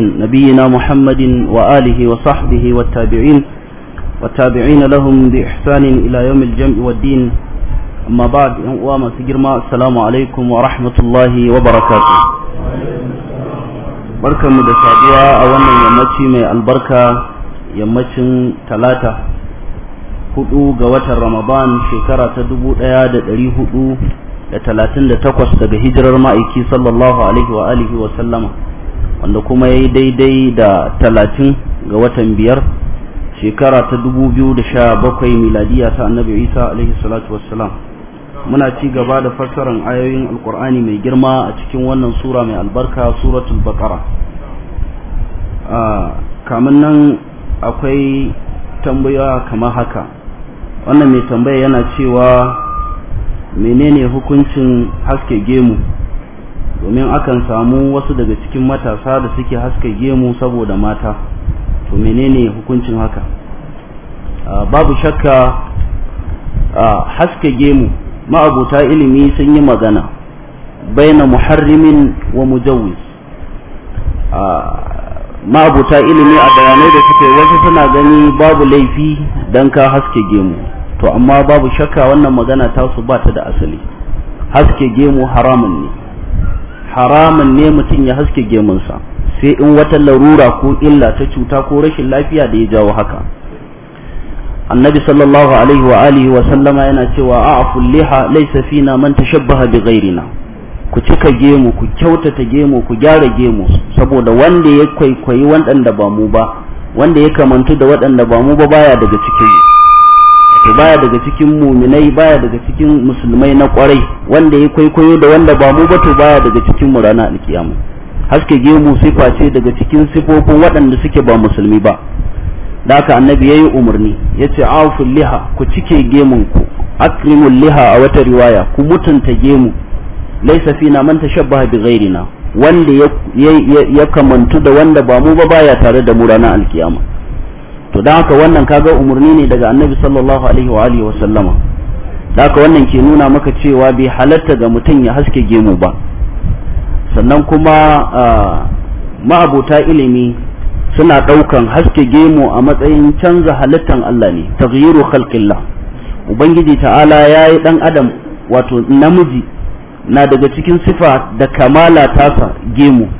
نبينا محمد وآله وصحبه والتابعين والتابعين لهم بإحسان إلى يوم الجمع والدين أما بعد وما سجرما السلام عليكم ورحمة الله وبركاته بركة مدسادية أولا يمتي من البركة يمتي ثلاثة hudu ga watan Ramadan shekara ta dubu ɗaya da ɗari hudu da talatin da takwas daga hijirar ma'aiki sallallahu alaihi wa alihi wa sallama wanda kuma ya yi daidai da talatin ga watan biyar shekara ta dubu biyu da sha bakwai miladiya ta annabi isa alaihi salatu wassalam muna ci gaba da fassarar ayoyin alkur'ani mai girma a cikin wannan sura mai albarka suratul baqara kamin nan akwai tambaya kamar haka wannan mai tambaya yana cewa menene hukuncin haske gemu domin akan samu wasu daga cikin matasa da suke haska gemu saboda mata to menene hukuncin haka ah, babu shakka ah, haska gemu ma'abuta ilimi sun yi magana baina muharrimin wa mujawwiz ah, ma'abuta ilimi a bayanai da suka wasu suna gani babu laifi don ka haske gemu to amma babu shakka wannan magana tasu ba ta da asali haske gemu haramun ne haramun ne mutum ya haske gemunsa sai in wata larura ko illa ta cuta ko rashin lafiya da ya jawo haka annabi sallallahu alaihi wa alihi wa sallama yana cewa a'fu liha laysa fina man tashabbaha bi ghairina ku cika gemu ku kyautata gemu ku gyara gemu saboda wanda ya kwaikwayi wanda ba mu ba wanda ya kamantu da waɗanda ba mu ba baya daga cikin to baya daga cikin muminai baya daga cikin musulmai na kwarai wanda ya kwaikwayo da wanda ba mu ba to baya daga cikin mu rana alkiyama haske gemu sifa ce daga cikin sifofin waɗanda suke ba musulmi ba da haka annabi yi umarni yace aful liha ku cike gemun ku akrimul liha a wata riwaya ku mutunta gemu laisafi na manta tashabbaha bi ghairina wanda ya kamantu da wanda ba mu ba baya tare da mu rana alkiyama to dan haka wannan kaga umarni ne daga annabi sallallahu alaihi wa alihi wa sallama da haka wannan ke nuna maka cewa bai halatta ga mutum ya haske gemu ba sannan kuma ma'abota ilimi suna ɗaukan haske gemu a matsayin canza halittan Allah ne taghyiru khalqillah ubangiji ta'ala yayi dan adam wato namiji na daga cikin sifa da kamala tasa gemu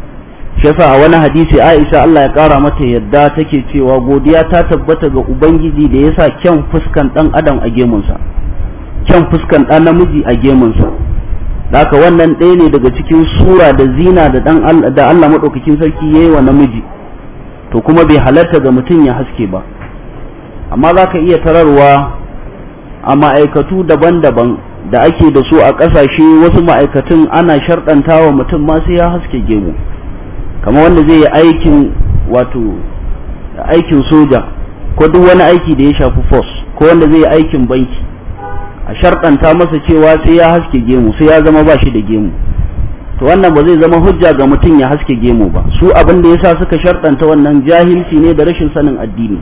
shi a wani hadisi Aisha Allah ya kara mata yadda take cewa godiya ta tabbata ga ubangiji da yasa kyan fuskan dan adam a gemunsa kyan fuskan dan namiji a gemunsa haka wannan ɗaya ne daga cikin sura da zina da dan da Allah madaukakin sarki yayi wa namiji to kuma bai halarta ga mutum ya haske ba amma zaka iya tararwa a ma'aikatu daban-daban da ake da su a ƙasashe wasu ma'aikatun ana sharɗantawa mutum ma sai ya haske gemu kamar wanda zai yi aikin wato aikin soja ko duk wani aiki da ya shafi force ko wanda zai yi aikin banki a sharɗanta masa cewa sai ya haske gemu sai ya zama ba shi da gemu to wannan ba zai zama hujja ga mutum ya haske gemu ba su abin da ya sa suka sharɗanta wannan jahilci ne da rashin sanin addini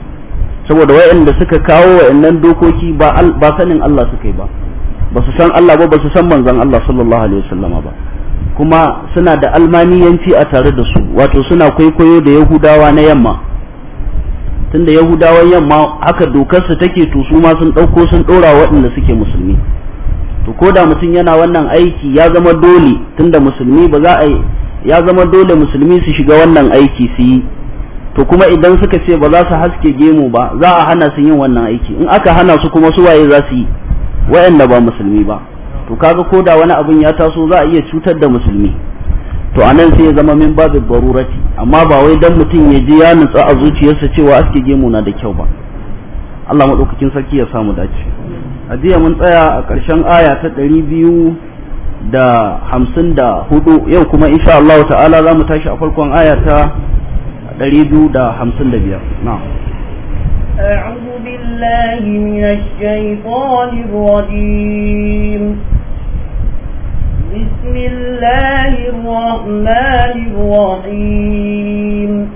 saboda wayanda suka kawo wayannan dokoki ba ba sanin Allah suka yi ba ba su san Allah ba ba su san manzon Allah sallallahu alaihi wasallama ba kuma suna da almaniyanci a tare da su wato suna kwaikwayo da yahudawa na yamma tunda yahudawan yamma haka dokarsu take to su ma sun ɗauko sun ɗora waɗanda suke musulmi to ko da mutum yana wannan aiki ya zama dole tunda musulmi ba za a ya zama dole musulmi su shiga wannan aiki su yi to kuma idan suka ce ba za su haske gemu ba za a hana su yin wannan aiki in aka hana su kuma su waye za su yi waɗanda ba musulmi ba to kaga ko da wani abin ya taso za a iya cutar da musulmi to anan sai ya zama min da barurati amma ba wai dan mutum ya ji ya nutsa a zuciyarsa cewa aske gemu na da kyau ba Allah madaukakin sarki ya samu dace a jiya mun tsaya a ƙarshen aya ta ɗari biyu da hamsin da hudu yau kuma insha Allah ta'ala za mu tashi a farkon aya ta ɗari biyu da hamsin da biyar na أعوذ بالله من الشيطان الرجيم بسم الله الرحمن الرحيم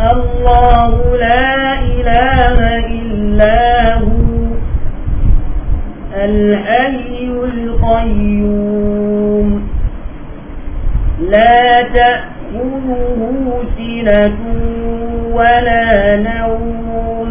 الله لا إله إلا هو الحي القيوم لا تأخذه سنة ولا نوم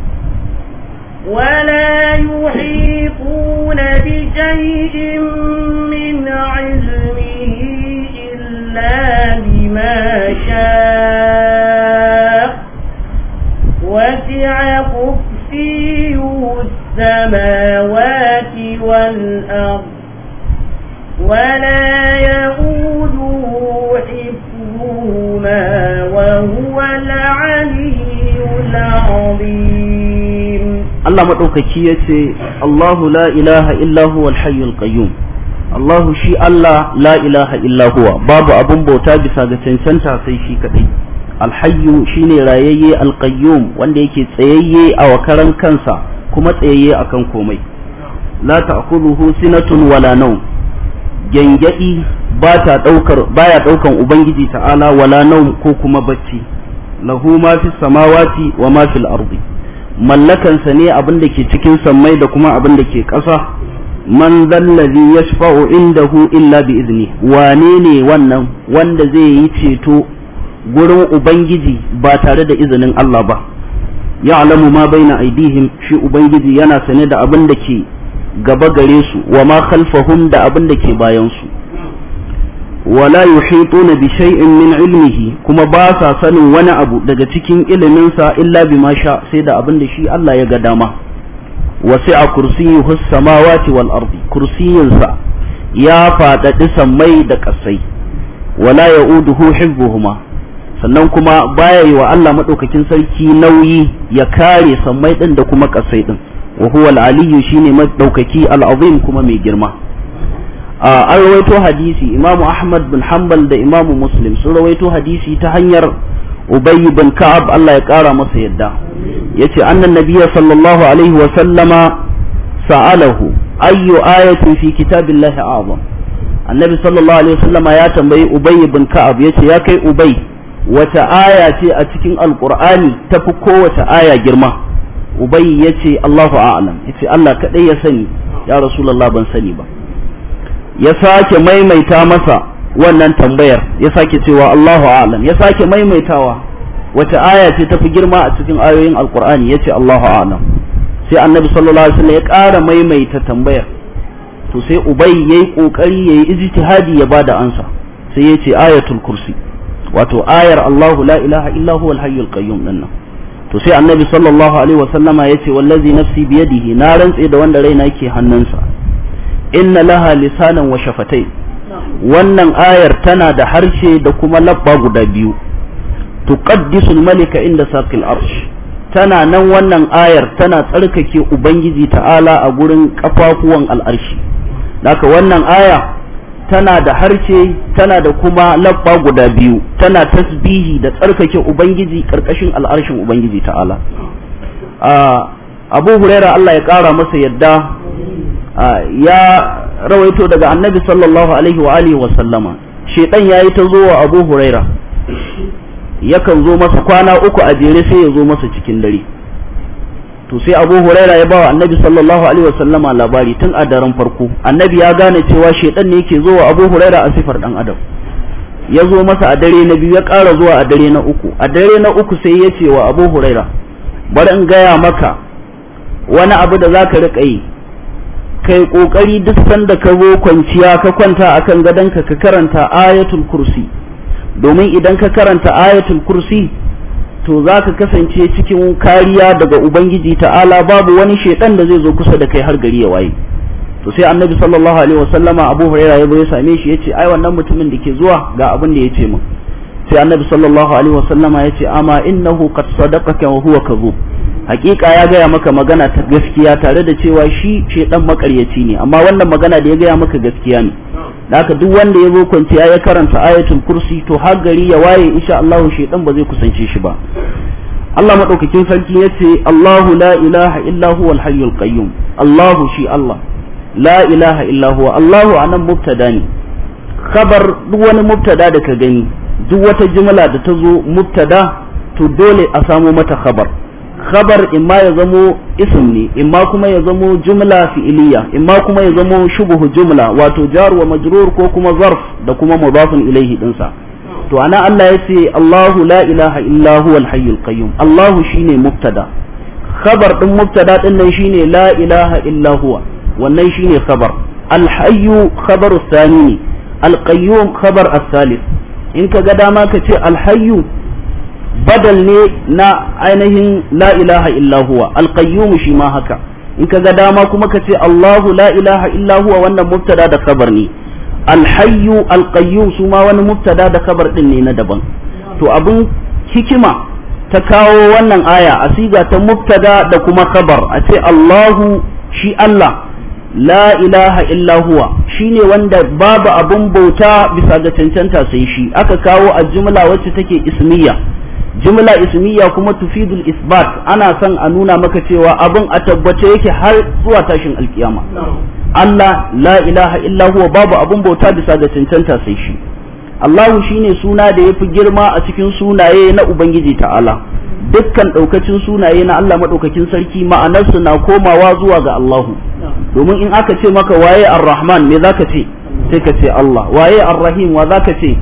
ولا يحيطون بشيء من علمه إلا بما شاء وسع قفيه السماوات والأرض ولا يؤوده حفظهما وهو العلي العظيم Allah maɗaukaki ya ce Allahu la ilaha illahu alhayyul qayyum Allahu shi Allah la ilaha illahuwa babu abin bauta bisa ga cancanta sai shi kaɗai alhayyu shine rayayye alqayyum wanda yake tsayayye a wakaran kansa kuma tsayayye akan komai la ta'khudhuhu sinatun wala nawm gengedi ba ta daukar baya ubangiji ta'ala wala nawm ko kuma bacci lahu ma fi samawati wa ma fil ardi mallakansa ne abin da ke cikin sammai da kuma abin da ke ƙasa man zallazi yashfa'u indahu illa bi izini wane ne wannan wanda zai yi ceto gurin ubangiji ba tare da izinin Allah ba ya alamu ma baina aidihim shi ubangiji yana sane da abin da ke gaba gare su wa ma khalfahum da abin da ke bayan su wala yuhituna bi shay'in min ilmihi kuma ba sa sanin wani abu daga cikin ilimin sa illa bima sha sai da abin da shi Allah ya ga dama wasi'a kursiyyuhu samawati wal ardi sa ya fadadi sammai da kasai wala ya'uduhu hibbuhuma sannan kuma baya yi wa Allah madaukakin sarki nauyi ya kare sammai din da kuma kasai din wa huwa aliyyu shine madaukaki al-azim kuma mai girma an rawaito hadisi imamu ahmad bin hanbal da imamu muslim sun rawaito hadisi ta hanyar ubayy bin ka'ab Allah ya kara masa yadda yace annan nabiyya sallallahu alaihi wa sallama sa'alahu ayyu ayatin fi kitabillahi a'zam annabi sallallahu alaihi wa sallama ya tambayi ubayy bin ka'ab yace ya kai ubayy wata aya ce a cikin alqur'ani tafi kowace aya girma ubayy yace Allahu a'lam yace Allah kadai ya sani ya rasulullah ban sani ba ya sake maimaita masa wannan tambayar ya sake cewa Allahu a'lam ya sake maimaitawa wace aya ce tafi girma a cikin ayoyin alkur'ani yace Allahu a'lam sai annabi sallallahu alaihi wasallam ya ƙara maimaita tambayar to sai ubay yayi kokari yayi ijtihadi ya bada ansa sai yace ayatul kursi wato ayar Allahu la ilaha illa huwal hayyul qayyum dinnan to sai annabi sallallahu alaihi wasallama yace wallazi nafsi biyadihi na rantse da wanda raina ke hannunsa inna laha lisanan wa shafatai wannan ayar tana da harshe da kuma labba guda biyu tuqaddisul malika inda saqil arsh tana nan wannan ayar tana tsarkake ubangiji ta'ala a gurin kafafuwan al'arshi haka wannan aya tana da harshe tana da kuma labba guda biyu tana tasbihi da tsarkake ubangiji karkashin al'arshin ubangiji ta'ala ah, abu huraira Allah ya kara masa yadda ya rawaito daga annabi sallallahu alaihi wa alihi wa sallama shedan yayi ta zo wa Abu Huraira yakan zo masa kwana uku a jere sai ya zo masa cikin dare to sai Abu Huraira ya bawa annabi sallallahu alaihi wa sallama labari tun a daren farko annabi ya gane cewa shedan ne yake zo wa Abu Huraira a sifar dan adam ya zo masa a dare na biyu ya ƙara zuwa a dare na uku a dare na uku sai ya ce wa Abu Huraira bari in gaya maka wani abu da zaka rika yi kai kokari duk sanda ka zo kwanciya ka kwanta akan gadonka ka karanta ayatul kursi domin idan ka karanta ayatul kursi to za ka kasance cikin kariya daga ubangiji ta'ala babu wani shaidan da zai zo kusa da kai har gari ya waye to sai annabi sallallahu alaihi wasallama abu huraira ya zo ya same shi yace ai wannan mutumin da ke zuwa ga abin da yace min sai annabi sallallahu alaihi wasallama yace ama innahu qad sadaqaka wa huwa kadhub hakika ya gaya maka magana ta gaskiya tare da cewa shi ce dan makaryaci ne amma wannan magana da ya gaya maka gaskiya ne haka duk wanda ya zo kwanciya ya karanta ayatul kursi to har gari ya waye insha Allah shedan ba zai kusance shi ba Allah madaukakin sarki yace Allahu la ilaha illa huwal hayyul qayyum Allahu shi Allah la ilaha illa huwa Allahu anan mubtada ne khabar duk wani mubtada da ka gani duk wata jumla da ta zo mubtada to dole a samo mata khabar khabar imma ya zamo ism ne imma kuma ya zamo jumla fi'iliya imma kuma ya zamo shubuhu jumla wato jar wa majrur ko kuma zarf da kuma mudafun ilaihi dinsa to ana Allah ya ce Allahu la ilaha illa huwa al-hayyul qayyum Allahu shine mubtada khabar din mubtada din nan shine la ilaha illa huwa wannan shine khabar al-hayyu khabaru thani al-qayyum khabar as-salis in ka ga dama ka ce al-hayyu badal ne na ainihin la ilaha illa huwa alqayyum shi ma haka in ka ga dama kuma ka ce Allahu la ilaha illa huwa wannan mubtada da kabar ne alhayyu alqayyum su ma wani mubtada da kabar din ne na daban to abin hikima ta kawo wannan aya a siga ta mubtada da kuma kabar a ce Allahu shi Allah la ilaha illa huwa shine wanda babu abun bauta bisa ga cancanta sai shi aka kawo a jumla wacce take ismiya jumla ismiya kuma tufidul isbat ana son a nuna maka cewa abin a tabbace yake har zuwa tashin alkiyama Allah la ilaha illa huwa babu abin bauta bisa da cancanta sai shi Allahu shine suna da yafi girma a cikin sunaye na Ubangiji ta'ala dukkan ɗaukacin sunaye na Allah madaukakin sarki ma'anarsu na komawa zuwa ga Allahu domin in aka ce maka waye arrahman rahman me zaka ce sai ka ce Allah waye arrahim rahim wa zaka ce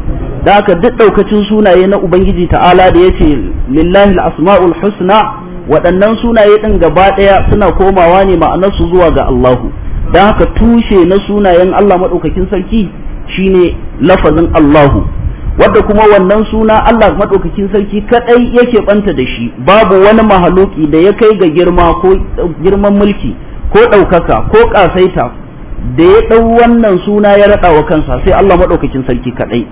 da haka duk daukacin sunaye na ubangiji ta'ala da yace lillahi al-asma'ul husna waɗannan sunaye din gaba ɗaya suna komawa ne ma'anar su zuwa ga Allahu da haka tushe na sunayen Allah madaukakin sarki shine lafazin Allahu wadda kuma wannan suna Allah madaukakin sarki kadai yake banta da shi babu wani mahaluki da ya kai ga girma ko girman mulki ko ɗaukaka ko ƙasaita da ya ɗau wannan suna ya raɗa wa kansa sai Allah maɗaukakin sarki kaɗai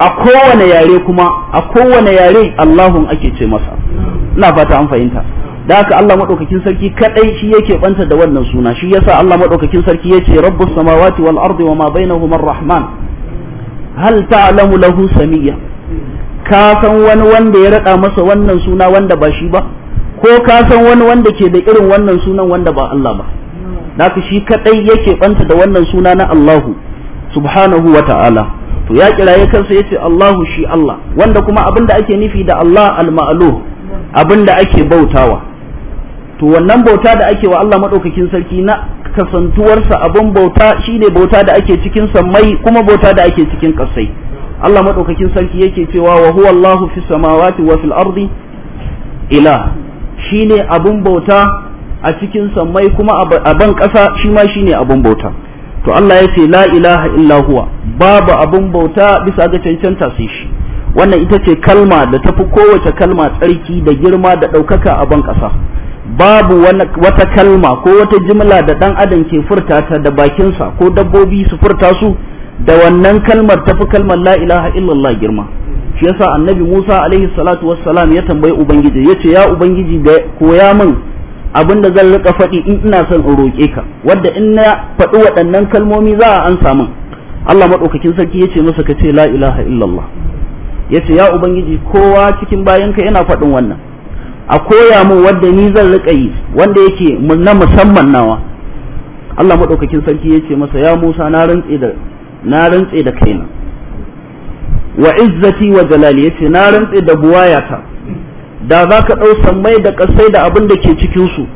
a kowane yare kuma a kowane yare Allahun ake ce masa ina fata an fahimta da haka Allah madaukakin sarki kadai shi yake banta da wannan suna shi yasa Allah madaukakin sarki yace rabbus samawati wal ardi wama bainahuma arrahman hal ta'lamu lahu samiyya ka san wani wanda ya rada masa wannan suna wanda ba shi ba ko ka san wani wanda ke da irin wannan sunan wanda ba Allah ba da haka shi kadai yake banta da wannan suna na Allahu subhanahu wa ta'ala to ya kiraye kansa yace Allahu shi Allah wanda kuma abinda ake nufi da Allah al-ma'luh abinda ake bautawa to wannan bauta da ake wa Allah madaukakin sarki na kasantuwarsa abin bauta shine bauta da ake cikin samai kuma bauta da ake cikin kasai Allah madaukakin sarki yake cewa wa huwa Allahu fis samawati wa fil ardi ila shine abin bauta a cikin sammai kuma a ban kasa shi ma shine abin bauta to Allah ya ce la ilaha illa huwa babu abun bauta bisa ga cancanta sai shi wannan ita ce kalma da tafi kowace kalma tsarki da girma da ɗaukaka a ban ƙasa babu wata kalma ko wata jimla da ɗan adam ke furta ta da bakinsa ko dabbobi su furta su da wannan kalmar tafi kalmar la ilaha illallah girma shi yasa annabi Musa alaihi salatu wassalam ya tambayi ubangiji yace ya ubangiji da koya min abin da zan rika faɗi in ina son in roƙe ka wadda in na faɗi waɗannan kalmomi za a ansa min Allah madaukakin sarki yace masa ka ce la ilaha illallah yace ya ubangiji kowa cikin bayanka yana faɗin wannan a koya mun wanda ni zan rika yi wanda yake na musamman nawa Allah madaukakin sarki yace masa ya Musa na rantse da na rantse da kaina wa izzati wa jalali yace na rantse da buwayata da zaka dau sammai da kasai da abin da ke cikin su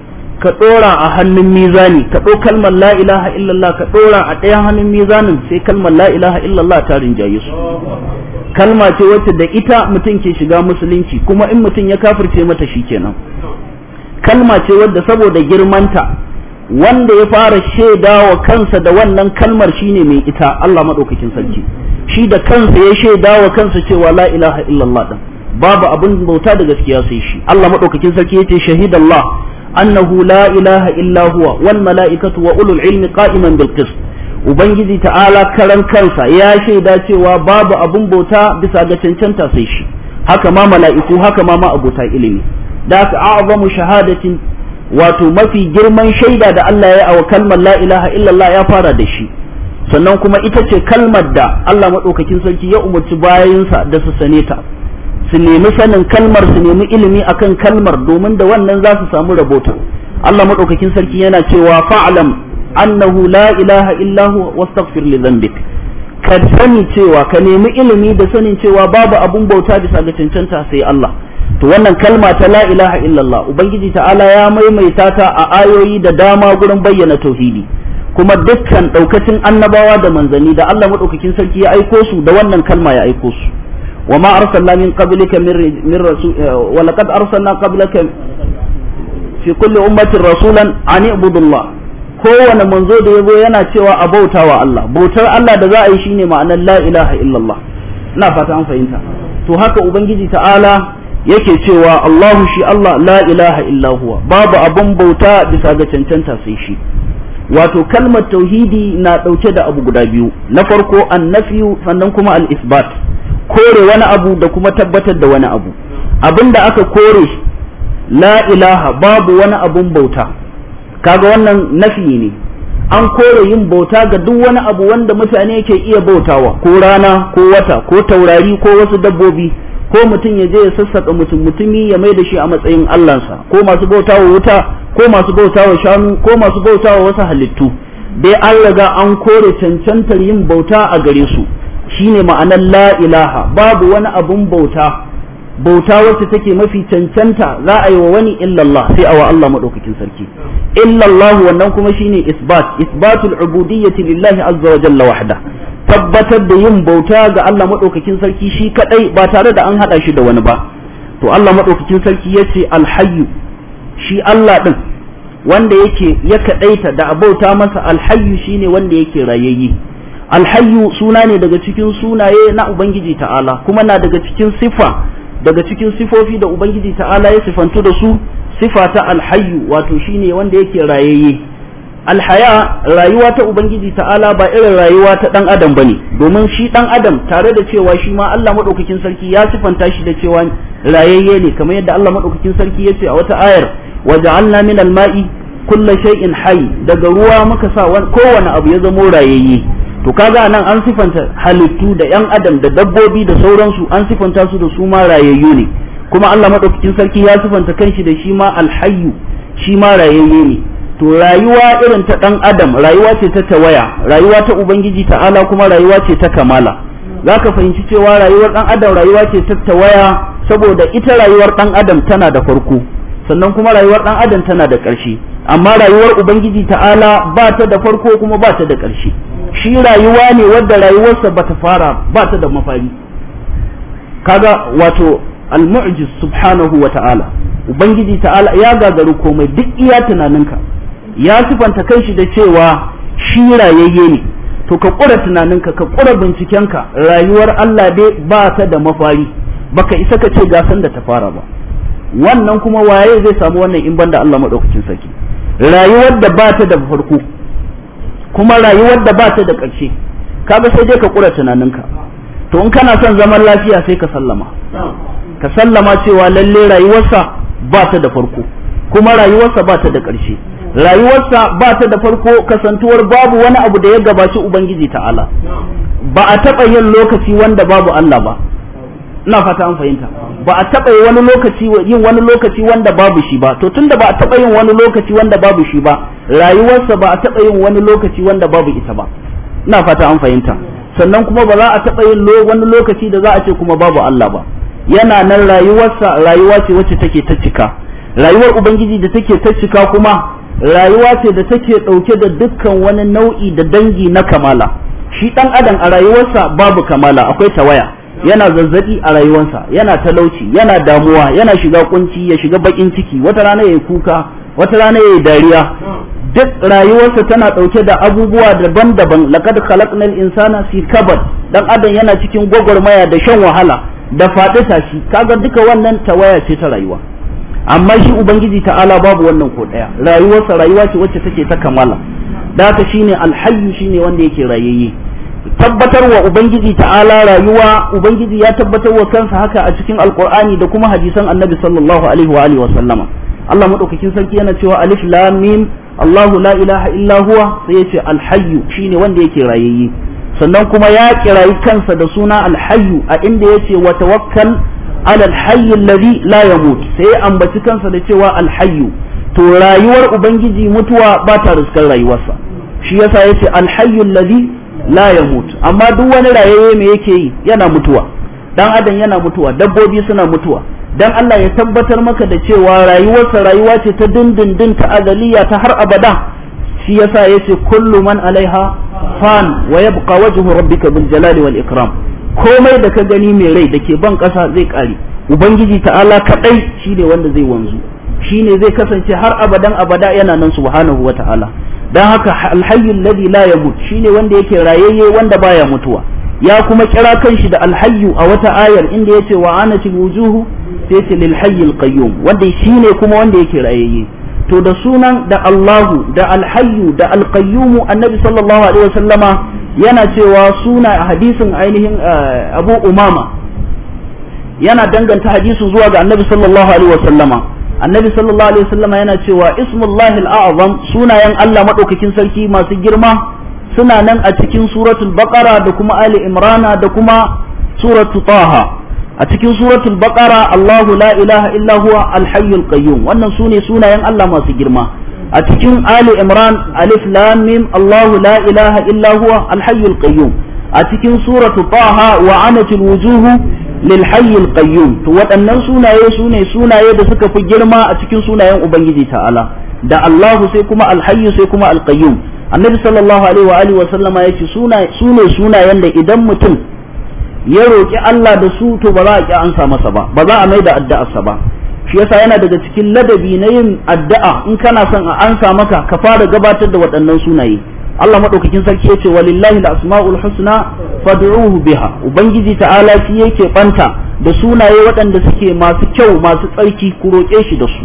ka ɗora a hannun mizani ka ɗo kalmar la ilaha illallah ka ɗora a ɗaya hannun mizanin sai kalmar la ilaha illallah ta rinjaye su kalma ce wacce da ita mutum ke shiga musulunci kuma in mutum ya kafirce mata shikenan kalma ce wadda saboda girmanta wanda ya fara shaidawa kansa da wannan kalmar shine mai ita Allah madaukakin sarki shi da kansa ya shaidawa kansa cewa la ilaha illallah din babu abin bauta da gaskiya sai shi Allah madaukakin sarki yace shahidallah annahu la ilaha illa huwa wal mala'ikatu wa ulul ilmi qa'iman bil ubangiji ta'ala karan kansa ya shaida cewa babu abun bauta bisa ga cancanta sai shi haka ma mala'iku haka ma ma abota ilimi da ka a'zamu shahadatin wato mafi girman shaida da Allah ya yi a kalmar la ilaha illallah ya fara da shi sannan kuma ita ce kalmar da Allah maɗaukakin sarki ya umarci bayansa da su sane ta su nemi sanin kalmar su nemi ilimi akan kalmar domin da wannan za su samu rahoto Allah madaukakin sarki yana cewa fa'lam annahu la ilaha illa huwa wastaghfir li dhanbik ka sani cewa ka nemi ilimi da sanin cewa babu abun bauta bisa ga cancanta sai Allah to wannan kalma ta la ilaha illallah ubangiji ta'ala ya maimaita ta a ayoyi da dama gurin bayyana tauhidi kuma dukkan daukacin annabawa da manzanni da Allah madaukakin sarki ya aiko su da wannan kalma ya aiko su وما arsana من قبلك من, من رسول ولقد أرسلنا قبلك في كل أمة رسولا أن اعبدوا الله kowane manzo da yazo yana cewa a bautawa Allah bautar Allah da za a yi shine ma'anar la ilaha illallah ina fata an fahimta to haka ubangiji ta'ala yake cewa Allahu shi Allah la ilaha illa babu abun bauta bisa ga cancanta sai shi wato kalmar tauhidi na ɗauke da abu guda biyu na farko annafiyu sannan kuma al-isbat kore wani abu da kuma tabbatar da wani abu abinda aka kore la ilaha babu wani abun bauta kaga wannan nafi ne an kore yin bauta ga duk wani abu wanda mutane ke iya bautawa ko rana ko wata ko taurari ko wasu dabbobi ko mutum ya je ya sassaka mutum mutumi ya mai da shi a matsayin allansa ko masu bautawa wuta ko masu bautawa shanu ko masu bautawa wasu halittu dai an riga an kore cancantar yin bauta a gare su shine ma'anar la'ilaha babu wani abun bauta bauta wacce take mafi cancanta za a yi wa wani illallah sai a wa Allah madaukakin sarki illallah wannan kuma shine isbat isbatul ubudiyyati lillahi azza wa jalla wahda tabbatar da yin bauta ga Allah maɗaukakin sarki shi kadai ba tare da an hada shi da wani ba to Allah madaukakin sarki yace alhayyu shi Allah din wanda yake ya kadaita da abauta masa alhayyu shine wanda yake rayayye alhayyu suna ne daga cikin sunaye na ubangiji ta'ala kuma na daga cikin sifa daga cikin sifofi da ubangiji ta'ala ya sifantu da su sifa ta alhayyu wato shine wanda yake rayayye alhaya rayuwa ta ubangiji ta'ala ba irin rayuwa ta dan adam bane domin shi dan adam tare da cewa shi ma Allah madaukakin sarki ya sifanta shi da cewa rayayye ne kamar yadda Allah madaukakin sarki ya ce a wata ayar waja'alna min ma'i kullu shay'in hayy daga ruwa muka sa kowane abu ya zamo rayayye to kaga nan an sifanta halittu da yan adam da dabbobi da sauransu an sifanta su da su ma rayayyu ne kuma Allah madaukakin sarki ya sifanta kanshi da shi ma alhayyu shi ma rayayye ne to rayuwa irin ta dan adam rayuwa ce ta tawaya rayuwa ta ubangiji ta'ala kuma rayuwa ce ta kamala zaka fahimci cewa rayuwar dan adam rayuwa ce ta tawaya saboda ita rayuwar dan adam tana da farko sannan kuma rayuwar dan adam tana da ƙarshe amma rayuwar ubangiji ta'ala ba ta da farko kuma ba ta da ƙarshe shi rayuwa ne wadda rayuwarsa ba ta fara ba ta da mafari kaga wato al-mu'jiz subhanahu wa ta'ala ubangiji ta'ala ya gagaru komai duk iya tunaninka ya sifanta shi da cewa shi rayayye ne to ka kura tunaninka ka kura bincikenka rayuwar Allah dai ba ta da mafari baka isa ka ce gasan da ta fara ba wannan kuma waye zai samu wannan in banda Allah madaukakin saki rayuwar da ba ta da farko kuma rayuwar da ba ta da ƙarshe kaga sai dai ka kura tunaninka to in kana son zaman lafiya sai ka sallama ka sallama cewa lalle rayuwarsa ba ta da farko kuma rayuwarsa ba ta da ƙarshe rayuwarsa ba ta da farko kasantuwar babu wani abu da ya gabaci ubangiji ta'ala ba a taɓa yin lokaci wanda babu Allah ba ina fata an fahimta ba a taɓa yin wani lokaci wanda babu shi ba to tunda ba a taɓa yin wani lokaci wanda babu shi ba rayuwarsa ba a taɓa yin wani lokaci wanda babu ita ba ina fata an fahimta sannan kuma ba za a taɓa yin wani lokaci da za a ce kuma babu Allah ba yana nan rayuwarsa rayuwa ce wacce take ta cika rayuwar ubangiji da take ta cika kuma rayuwa ce da take ɗauke da dukkan wani nau'i da dangi na kamala shi ɗan adam a rayuwarsa babu kamala akwai tawaya yana zazzaɓi a rayuwarsa yana talauci yana damuwa yana shiga kunci ya shiga bakin ciki wata rana ya kuka wata rana ya dariya duk rayuwarsa tana ɗauke da abubuwa daban-daban laqad khalaqnal insana fi kabad dan adam yana cikin gwagwarmaya da shan wahala da faɗi tashi kaga duka wannan tawaya ce ta rayuwa amma shi ubangiji ta'ala babu wannan ko daya rayuwarsa rayuwa ce wacce take ta kamala da haka shine alhayyu shine wanda yake rayayye tabbatar wa ubangiji ta'ala rayuwa ubangiji ya tabbatar wa kansa haka a cikin alqur'ani da kuma hadisan annabi sallallahu alaihi wa alihi wa sallama Allah madaukakin sarki yana cewa alif lam mim Allahu la ilaha illa huwa sai yace ce alhayyu shine wanda yake rayayye sannan kuma ya kirayi kansa da suna alhayyu a inda ya ce wa tawakkal ala alhayyi alladhi la yamut sai ya ambaci kansa da cewa alhayyu to rayuwar ubangiji mutuwa ba ta riskar rayuwarsa shi yasa ya ce alhayyu alladhi la yamut amma duk wani rayayye me yake yi yana mutuwa dan adam yana mutuwa dabbobi suna mutuwa dan Allah ya tabbatar maka da cewa rayuwarsa rayuwa ce ta dindindin ta azaliya ta har abada shi yasa yace kullu man alaiha fan wa yabqa wajhu rabbika bil jalali wal ikram komai da ka gani mai rai da ke ban kasa zai kare ubangiji ta'ala kadai shine wanda zai wanzu shine zai kasance har abadan abada yana nan subhanahu wa ta'ala dan haka alhayyul ladhi la yamut shine wanda yake rayayye wanda baya mutuwa ya kuma kira kanshi da alhayyu a wata ayar inda yace wa anati wujuhu sai yace lil hayyil qayyum wanda shine kuma wanda yake rayayye to da sunan da Allahu da alhayyu da alkayyumu annabi sallallahu alaihi wasallama yana cewa suna hadisin ainihin eh, Abu Umama yana danganta hadisin zuwa ga annabi sallallahu alaihi wasallama annabi sallallahu alaihi wasallama yana cewa ismullahi al'azam sunayen Allah madaukakin sarki masu girma suna nan a cikin suratul baqara da kuma ali imrana da kuma suratul taha a cikin suratul baqara Allahu la ilaha illa huwa al qayyum wannan sune sunayen Allah masu girma a cikin ali imran alif lam mim Allahu la ilaha illa huwa al qayyum a cikin suratu taha wa anatil wujuhu lil hayyul qayyum to waɗannan sunaye sune sunaye da suka fi girma a cikin sunayen ubangiji ta'ala da Allahu sai kuma al sai kuma al annabi sallallahu alaihi wa alihi wa sallama yake suna sune sunayen da idan mutum ya roki Allah da su to ba za a ki ansa masa ba ba za a mai da addu'arsa ba shi yasa yana daga cikin ladabi na yin addu'a in kana son a ansa maka ka fara gabatar da waɗannan sunaye Allah madaukakin sarki yace walillahi al-asmaul husna fad'uhu biha ubangiji ta'ala shi yake banta da sunaye waɗanda suke masu kyau masu tsarki ku roke shi da su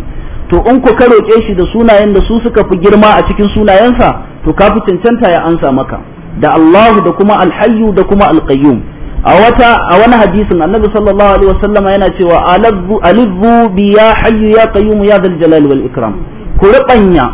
to in ku ka roƙe shi da sunayen da su suka fi girma a cikin sunayensa to ka fi cancanta ya ansa maka da Allahu da kuma alhayyu da kuma alqayyum a wata a wani hadisin annabi sallallahu alaihi wasallam yana cewa alizzu bi ya hayyu ya qayyum ya dhal jalal wal ikram ku rubanya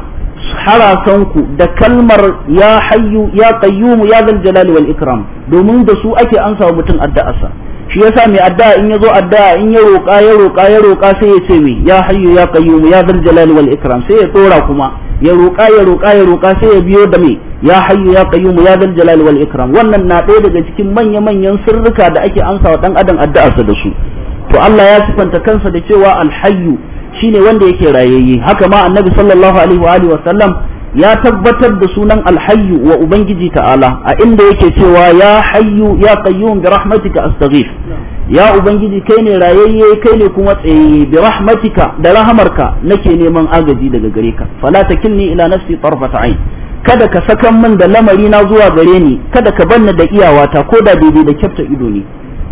harasanku da kalmar ya hayyu ya qayyum ya dhal jalal wal ikram domin da su ake ansa mutum addu'arsa shi yasa mai addu'a in yazo addu'a in ya roƙa ya roƙa ya roƙa sai ya ce mai ya hayyu ya qayyum ya dhal jalal wal ikram sai ya dora kuma ya roƙa ya roƙa ya roƙa sai ya biyo da me ya hayyu ya qayyumu ya dal jalal wal ikram wannan na ɗaya daga cikin manya manyan sirrika da ake amsa wa dan adam addu'arsa da su to Allah ya sifanta kansa da cewa al hayyu shine wanda yake rayayye haka ma annabi sallallahu alaihi wa alihi wa sallam ya tabbatar da sunan al hayyu wa ubangiji ta'ala a inda yake cewa ya hayyu ya qayyum bi rahmatika astaghith ya ubangiji kai ne rayayye kai ne kuma tsaye bi rahmatika da rahamarka nake neman agaji daga gare ka fala takilni ila nafsi tarfata ain kada ka sakan min da lamari na zuwa gare ni kada ka banni da iyawata ko da daidai da kyafta ido ne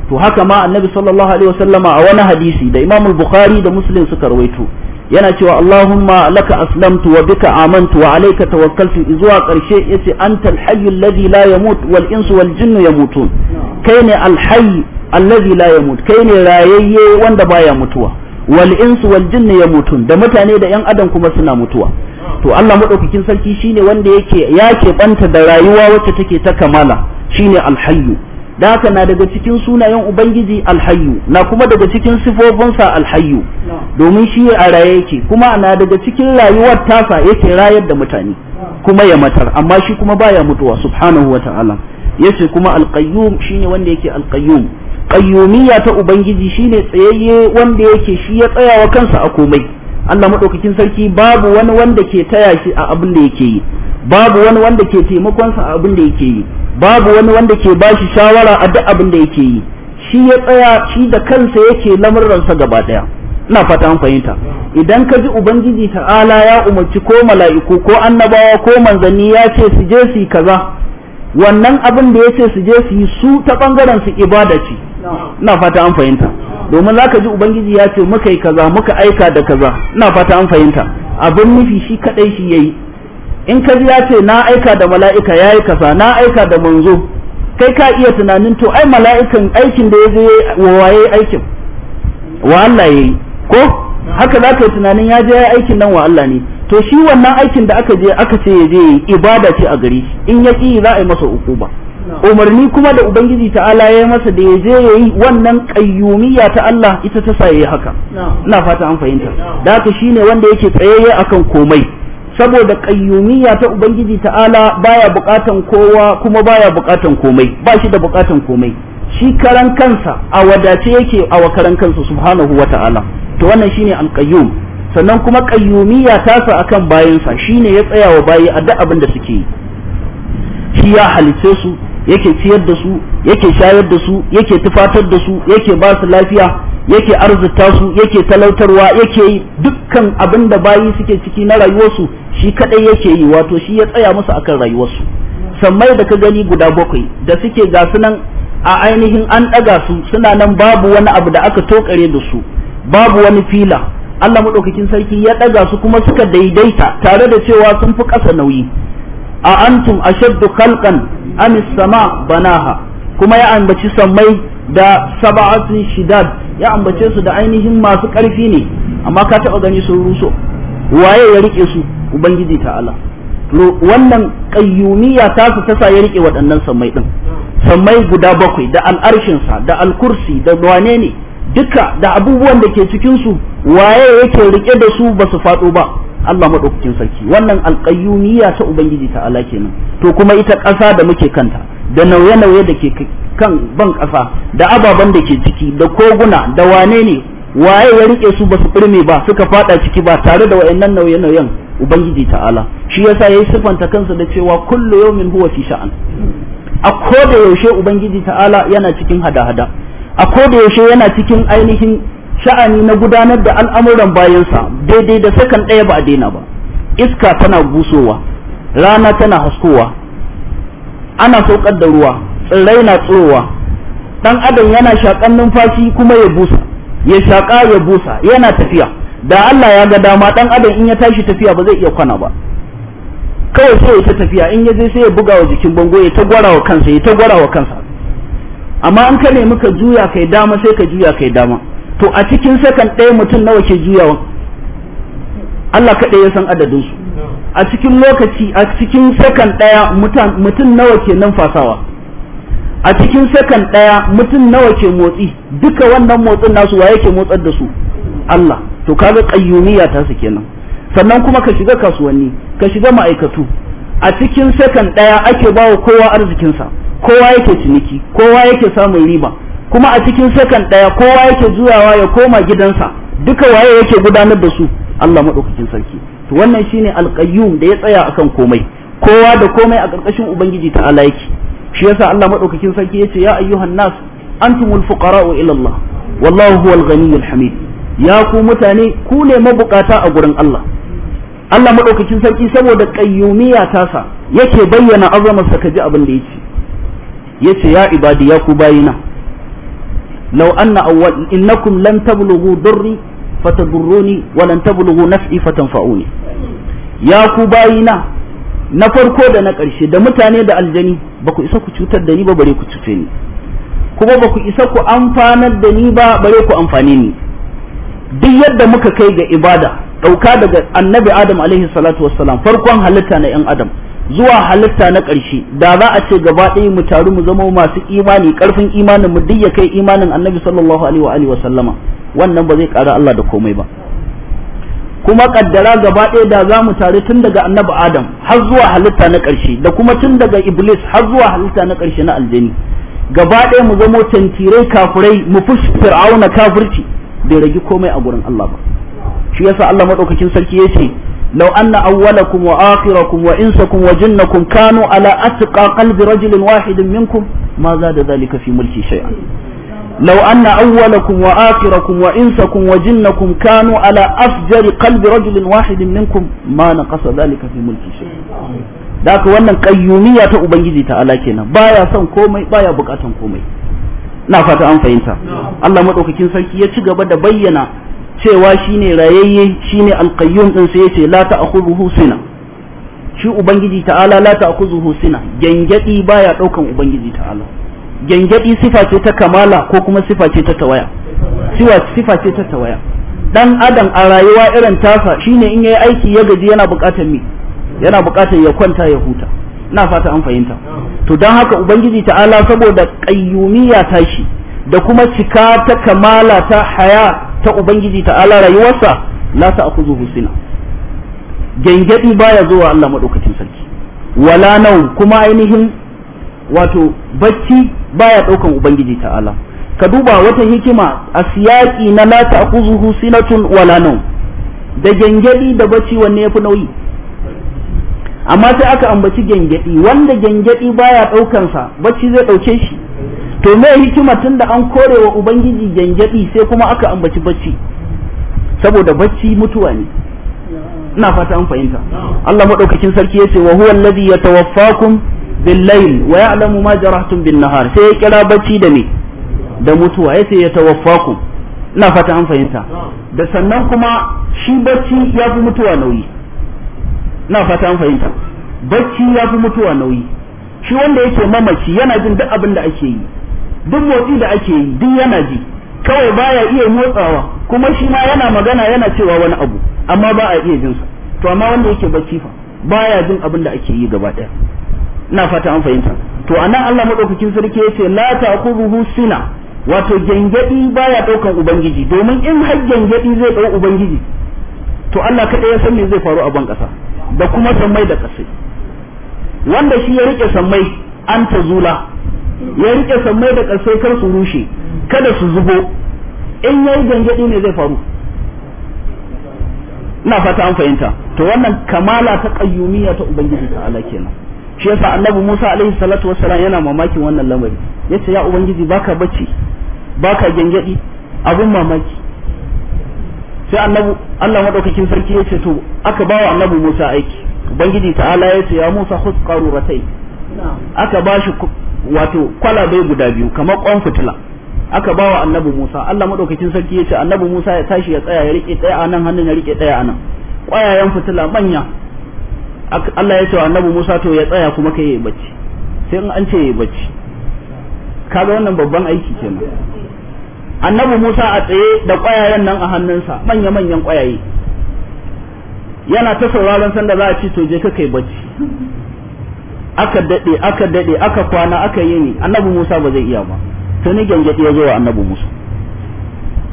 to haka ma annabi sallallahu alaihi wasallama a wani hadisi da imamul bukhari da muslim suka rawaito yana cewa Allahumma laka aslamtu wa bika amantu wa alayka tawakkaltu zuwa karshe yace antal hayy alladhi la yamut wal insu wal jinnu yamutun kai ne al hayy alladhi la yamut kai ne rayayye wanda baya mutuwa wal insu wal jinnu yamutun da mutane da yan adam kuma suna mutuwa to Allah madaukakin sarki shine wanda yake yake banta da rayuwa wacce take ta kamala shine al hayy da na daga cikin sunayen ubangiji alhayyu na kuma daga cikin sifofinsa alhayyu domin shi a raye yake kuma na daga cikin rayuwar tasa yake rayar da mutane kuma ya matar amma shi kuma baya mutuwa subhanahu wata'ala yace kuma alqayyum shine wanda yake alqayyum qayyumiyya ta ubangiji shine tsayayye wanda yake shi ya tsayawa kansa a komai Allah madaukakin sarki babu wani wanda ke taya shi a abin da yake yi babu wani wanda ke taimakonsa a abin da yake yi babu wani wanda ke ba shi shawara a duk abin da yake yi shi ya tsaya shi da kansa yake lamurransa gaba ɗaya ina fata an fahimta idan ka ji ubangiji ta'ala ya umarci ko mala'iku ko annabawa ko manzanni ya ce su je su yi kaza wannan abin da ya ce su je su yi su ta bangaren su ibada ce ina fata an fahimta domin zaka ji ubangiji ya ce muka yi kaza muka aika da kaza ina fata an fahimta abin nufi shi kadai shi yayi in ka ji ya ce na aika da mala'ika ya yi kasa na aika da manzo kai ka iya tunanin to ai mala'ikan aikin da ya je waye aikin wa Allah ya yi ko haka za ka tunanin ya je ya aikin nan wa Allah ne to shi wannan aikin da aka je aka ce ya je ibada ce a gari in ya ƙi za a yi masa ukuba umarni kuma da ubangiji ta'ala ya yi masa da ya je ya yi wannan ƙayyumiya ta Allah ita ta sa haka ina fata an fahimta da haka shine wanda yake tsayayye akan komai saboda ƙayyumiyya ta ubangiji ta'ala baya buƙatan kowa kuma baya buƙatan komai ba shi da buƙatan komai shi karan kansa a wadace yake a wa karan kansa subhanahu wa ta'ala to wannan shine alqayyum sannan kuma ƙayyumiyya ta sa akan bayansa shine ya tsaya wa bayi a duk abin da suke yi shi ya halice su yake ciyar da su yake shayar da su yake tufatar da su yake ba su lafiya yake arzuta su yake talautarwa yake yi dukkan abin da bayi suke ciki na rayuwarsu shi kadai yake yi wato shi ya tsaya musu akan rayuwarsu sammai da ka gani guda bakwai da suke ga su nan a ainihin an ɗaga su suna nan babu wani abu da aka tokare da su babu wani fila Allah maɗaukakin sarki ya ɗaga su kuma suka daidaita tare da cewa sun fi ƙasa nauyi a antum ashaddu khalqan amis sama banaha kuma ya ambaci sammai da sab'atun shidad ya ambace su da ainihin masu ƙarfi ne amma ka taɓa gani sun ruso waye ya rike su ubangiji ta'ala to wannan qayyumiyya ta su tasa ya rike waɗannan sammai din sammai guda bakwai da al'arshin sa da alkursi da wane ne duka da abubuwan da ke cikin su waye yake rike da su ba su faɗo ba Allah madaukakin sarki wannan alqayyumiyya ta ubangiji ta'ala kenan to kuma ita ƙasa da muke kanta da nauye-nauye da ke kan ban ƙasa da ababen da ke ciki da koguna da wane ne waye ya rike su ba su firme ba suka fada ciki ba tare da wayannan nauye-nauyen ubangiji ta'ala shi yasa yayi sifanta kansa da cewa kullu yawmin huwa fi sha'an a da yaushe ubangiji ta'ala yana cikin hada-hada a da yaushe yana cikin ainihin sha'ani na gudanar da al'amuran bayansa daidai da sakan ɗaya ba a daina ba iska tana busowa rana tana haskowa ana saukar da ruwa tsirrai na tsirowa dan adam yana shakan numfashi kuma ya busa ya shaka ya busa yana tafiya da Allah ya ga dama dan adam in ya tashi tafiya ba zai iya kwana ba kawai sai ya tafiya in ya je sai ya buga wa jikin bango ya ta gwara wa kansa ya ta gwara wa kansa amma an ka nemi ka juya kai dama sai ka juya kai dama to a cikin sakan ɗaya mutum nawa ke juyawa Allah kaɗai ya san adadinsu a cikin lokaci a cikin sakan ɗaya mutum nawa ke nan fasawa a cikin sakan ɗaya mutum nawa ke motsi duka wannan motsin nasu wa yake motsar da su Allah to kaga qayyumiyya ta su kenan sannan kuma ka shiga kasuwanni ka shiga ma'aikatu a cikin sakan ɗaya ake bawa kowa arzikinsa kowa yake ciniki kowa yake samun riba kuma a cikin sakan ɗaya kowa yake zuwa ya koma gidansa duka waye yake gudanar da su Allah maɗaukakin sarki to wannan shine alqayyum da ya tsaya akan komai kowa da komai a ƙarƙashin ubangiji ta ala shi yasa Allah madaukakin sarki yace ya ayyuhan nas antumul fuqara'u ila Allah wallahu huwal ghaniyyul hamid ya ku mutane ku ne mabukata a gurin Allah Allah madaukakin sarki saboda qayyumiyya tasa yake bayyana azamarsa kaji abin da yake yace ya ibadi ya ku bayina law anna awwal innakum lan tablughu durri fatadurruni wa lan tablughu naf'i fatanfa'uni ya ku bayina na farko da na ƙarshe da mutane da aljani ba ku isa ku cutar da ni ba bare ku cuce ni kuma ba ku isa ku amfanar da ni ba bare ku amfane ni duk yadda muka kai ga ibada ɗauka daga annabi adam alaihi salatu wassalam farkon halitta na yan adam zuwa halitta na ƙarshe da za a ce gaba ɗaya mu taru mu zama masu imani ƙarfin imanin mu duk ya kai imanin annabi sallallahu alaihi wa sallama wannan ba zai ƙara Allah da komai ba kuma kaddara gaba ɗaya da za mu tare tun daga annabi adam har zuwa halitta na ƙarshe da kuma tun daga iblis har zuwa halitta na ƙarshe na aljani gaba ɗaya mu zamo tantirai kafurai mu fushi fir'auna kafirci bai ragi komai a gurin Allah ba shi yasa Allah madaukakin sarki ya ce law anna awwalakum wa akhirakum wa insakum wa jinnakum kanu ala atqa qalbi rajulin wahidin minkum ma zada zalika fi mulki shay'an لو أن أولكم وآخركم وإنسكم وجنكم كانوا على أفجر قلب رجل واحد منكم ما نقص ذلك في ملك شيء ذاك وأن qayyumiyya ta تعالى كنا بايا سن كومي بايا بقعة كومي na fata an fahimta Allah madaukakin sarki ya ci gaba da bayyana cewa shine rayayye shine alqayyum din sai yace la ta'khudhuhu sina shi ubangiji ta'ala la ta'khudhuhu sina gengedi baya daukan ubangiji ta'ala gyangyaɗi sifa ce ta kamala ko kuma sifa ce ta tawaya sifa ce ta tawaya dan adam a rayuwa irin tasa shine in yayi aiki ya gaji yana buƙatar mi yana buƙatar ya kwanta ya huta ina fata an fahimta to dan haka ubangiji ta'ala saboda ƙayyumiya tashi da kuma cika ta kamala ta haya ta ubangiji ta'ala rayuwarsa la akuzu sina gengedi baya zuwa Allah madaukakin sarki wala nau kuma ainihin wato bacci baya daukan ubangiji ta'ala ka duba wata hikima a siyaki na la ta'khuzuhu sinatun wala nawm da gengedi da bacci wanne yafi nauyi amma sai aka ambaci gengedi wanda gengedi baya daukan sa bacci zai dauke shi to me hikima tunda an korewa ubangiji gengedi sai kuma aka ambaci bacci saboda bacci mutuwa ne ina fata an fahimta Allah madaukakin sarki yace wa huwa alladhi yatawaffakum بالليل ويعلم ما جرحتم بالنهار sai ya kira bacci da ni da mutuwa yace ya tawaffakum ina fata an fahimta da sannan kuma shi bacci ya fi mutuwa nauyi ina fata an fahimta bacci ya fi mutuwa nauyi shi wanda yake mamaci yana jin duk abin da ake yi duk motsi da ake yi duk yana ji kawai baya iya motsawa kuma shi ma yana magana yana cewa wani abu amma ba a iya jinsa to amma wanda yake bacci fa baya jin abin da ake yi gaba ɗaya ina fata an fahimta to anan Allah madaukakin sarki yace la ta'khudhuhu sina wato gengedi baya daukan ubangiji domin in har gengedi zai dau ubangiji to Allah kada ya san me zai faru a ban kasa da kuma sammai da kasai wanda shi ya rike sammai an ta zula ya rike sammai da kasai kar su rushe kada su zubo in yayi gengedi ne zai faru ina fata an fahimta to wannan kamala ta qayyumiyya ta ubangiji ta Allah kenan shi yasa annabi Musa alaihi salatu wassalam yana mamakin wannan lamari yace ya ubangiji baka bacci baka gengedi abun mamaki sai annabi Allah madaukakin sarki yace to aka bawa annabi Musa aiki ubangiji ta'ala yace ya Musa khudh qaruratai aka bashi wato kwalabe guda biyu kamar kwan fitila aka bawa annabi Musa Allah madaukakin sarki yace annabi Musa ya tashi ya tsaya ya rike tsaya anan hannun ya rike tsaya anan kwayayen fitila manya Allah ya ce wa annabi Musa to ya tsaya kuma kai yayi bacci sai in an ce yayi bacci kaga wannan babban aiki kenan annabi Musa a tsaye da ƙwayayen nan a hannunsa manya manyan ƙwayaye yana ta sauraron sanda za a ci to je ka kai bacci aka daɗe aka dade aka kwana aka yi ne annabi Musa ba zai iya ba to ni gangade ya zo wa annabi Musa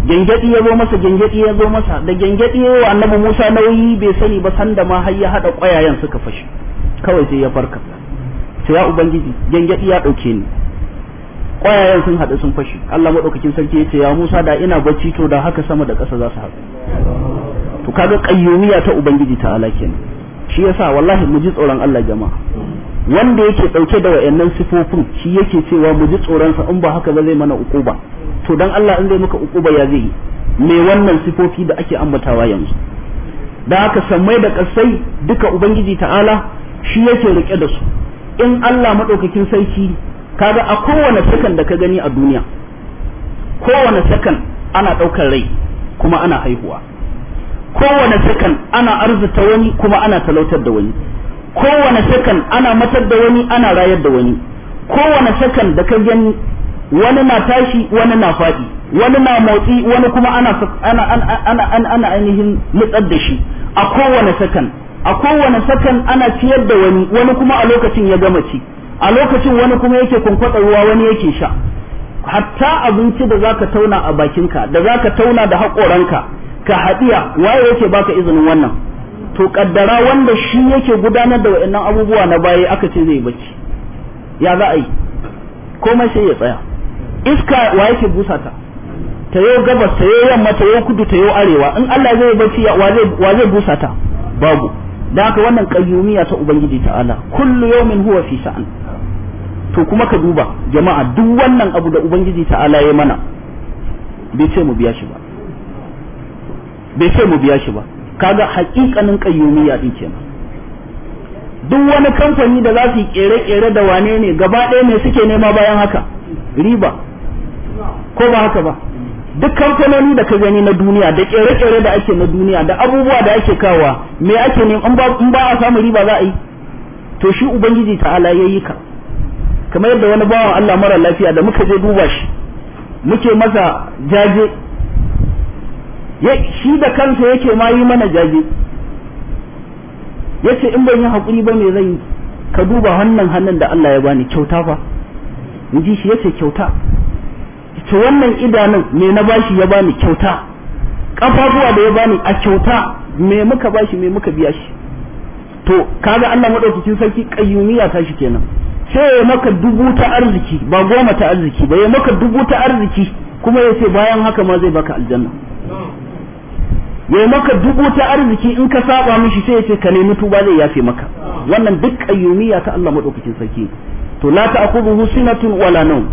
gengedi ya zo masa gengedi ya zo masa da gengedi ya annabi Musa nauyi bai sani ba sanda ma har ya hada ƙwayayen suka fashi kawai sai ya farka sai ya ubangiji gengedi ya dauke ni ƙwayayen sun hadu sun fashi Allah madaukakin sarki ya ce ya Musa da ina bacci to da haka sama da ƙasa za su haɗu to kaga qayyumiya ta ubangiji ta kenan shi yasa wallahi mu ji tsoron Allah jama'a wanda yake dauke da wayannan sifofin shi yake cewa mu ji tsoron sa in ba haka ba zai mana ukuba to dan Allah in zai muka ukuba ya zai me wannan sifofi da ake ambatawa yanzu da haka mai da kasai duka ubangiji ta'ala shi yake rike da su in Allah madaukakin sarki kaga a kowane sakan da ka gani a duniya kowane sakan ana daukar rai kuma ana haihuwa kowane sakan ana arzuta wani kuma ana talautar da wani kowane sakan ana matar da wani ana rayar da wani kowane sakan da ka gani wani na tashi wani na faɗi wani na motsi wani kuma ana ana ana ana ana ainihin mutsar da shi a kowane sakan a kowane sakan ana ciyar da wani wani kuma a lokacin ya gama ci a lokacin wani kuma yake kunkwatsa ruwa wani yake sha hatta abinci da zaka tauna a bakinka da zaka tauna da haƙoranka ka haɗiya waye yake baka izinin wannan to kaddara wanda shi yake gudanar da wa'annan abubuwa na baya aka ce zai bacci ya za a yi komai sai ya tsaya iska wa yake busa ta ta yau gabas ta yau yamma ta yau kudu ta yau arewa in Allah zai bacci wa zai busa ta babu da haka wannan kayyumiya ta ubangiji ta'ala kullu yawmin huwa fi sha'an to kuma ka duba jama'a duk wannan abu da ubangiji ta'ala ya mana bai ce mu biya shi ba bai ce mu biya shi ba kaga hakikanin kayyumiya din kenan duk wani kamfani da za su yi kere-kere da wane ne gaba ɗaya ne suke nema bayan haka riba ko ba haka ba duk kamfanoni da ka gani na duniya da kere-kere da ake na duniya da abubuwa da ake kawa me ake ne in ba a samu riba za a yi to shi ubangiji ta'ala ya yi ka kamar yadda wani bawan Allah mara lafiya da muka je duba shi muke masa jaje shi da kansa yake ma yi mana jaje yace in ban yi haƙuri ba me zai yi ka duba hannun hannun da Allah ya bani kyauta fa in ji shi yace kyauta to wannan idanun me na bashi ya bani kyauta kafafuwa da ya bani a kyauta me muka bashi me muka biya shi to kaga Allah madaukakin sarki qayyumiya ta shi kenan sai ya maka dubu ta arziki ba goma ta arziki ba ya maka dubu ta arziki kuma ya ce bayan haka ma zai baka aljanna ya maka dubu ta arziki in ka saba mishi sai ya ce ka nemi tuba zai yafe maka wannan duk qayyumiya ta Allah madaukakin sarki to la ta'khudhuhu sinatun wala nawm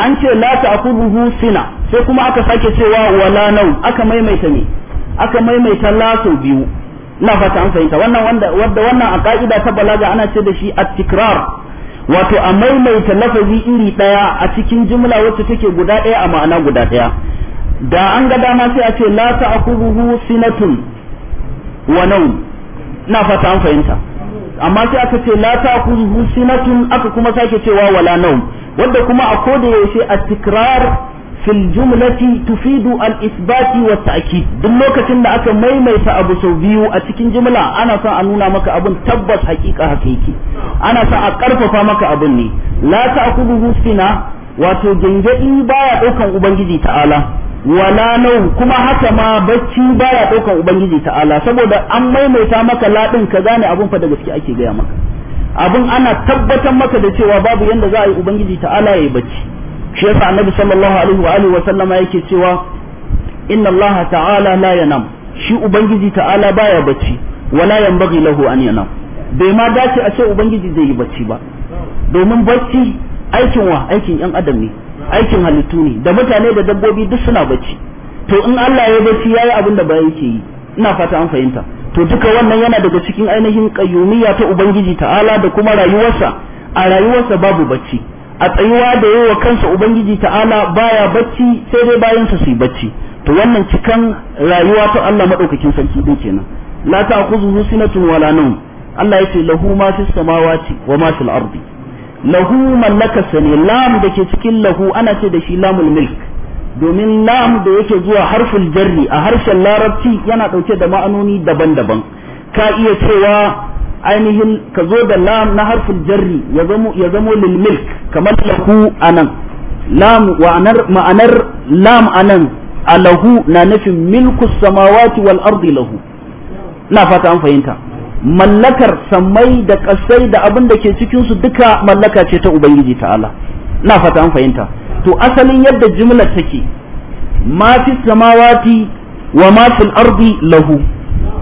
an ce la ta'khudhuhu sina sai kuma aka sake cewa wala nau aka maimaita ne aka maimaita la sau biyu ina fata an fahimta wannan wanda wannan a ka'ida ta balaga ana ce da shi at-tikrar wato a maimaita lafazi iri daya a cikin jumla wacce take guda daya a ma'ana guda daya da an ga dama sai a ce la ta'khudhuhu sinatun wa nau ina fata an fahimta amma sai aka ce la ta'khudhuhu sinatun aka kuma sake cewa wala nawm wanda kuma a koda yaushe a tikrar fil jumlati tufidu al-isbati wa ta'kid duk lokacin da aka maimaita abu sau biyu a cikin jumla ana son a nuna maka abun tabbas haƙiƙa-haƙiƙi ana son a ƙarfafa maka abun ne la ta'khudhuhu sina wato gengedi baya ɗaukan ubangiji ta'ala wala nau kuma haka ma bacci baya daukan ubangiji ta'ala saboda an maimaita maka ladin ka gane abun fa da gaske ake gaya maka abun ana tabbatar maka da cewa babu yanda za a yi ubangiji ta'ala yayi bacci shi yasa annabi sallallahu alaihi wa alihi wa sallama yake cewa inna Allah ta'ala la yanam shi ubangiji ta'ala baya bacci wala yanbaghi lahu an yanam bai ma dace a ce ubangiji zai yi bacci ba domin bacci aikin wa aikin yan adam ne aikin halittu ne da mutane da dabbobi duk suna bacci to in Allah ya bacci yayi abin da ba yake yi ina fata an fahimta to duka wannan yana daga cikin ainihin kayyumiyya ta ubangiji ta'ala da kuma rayuwarsa a rayuwarsa babu bacci a tsayuwa da yawa kansa ubangiji ta'ala baya bacci sai dai bayan su yi bacci to wannan cikan rayuwa ta Allah madaukakin sarki din kenan la ta'khudhu sinatun wala nawm Allah yace lahu ma fis samawati wa ma fil ardi lahu mallakarsa ne lam da ke cikin lahu ana ce da shi lamul milk domin lam da yake zuwa harful jarri a harshen larabci yana ɗauke da ma'anoni daban-daban ka iya cewa ainihin ka zo da lam na harful jarri ya zamo ya lil milk kamar lahu anan lam wa anar ma'anar lam anan lahu na nufin milku samawati wal ardi lahu na fata an fahimta mallakar sammai da kasai da abin da ke cikin su duka mallaka ce ta ubangiji ta'ala na fata an fahimta to asalin yadda jimla take ma fi samawati wa ma fil ardi lahu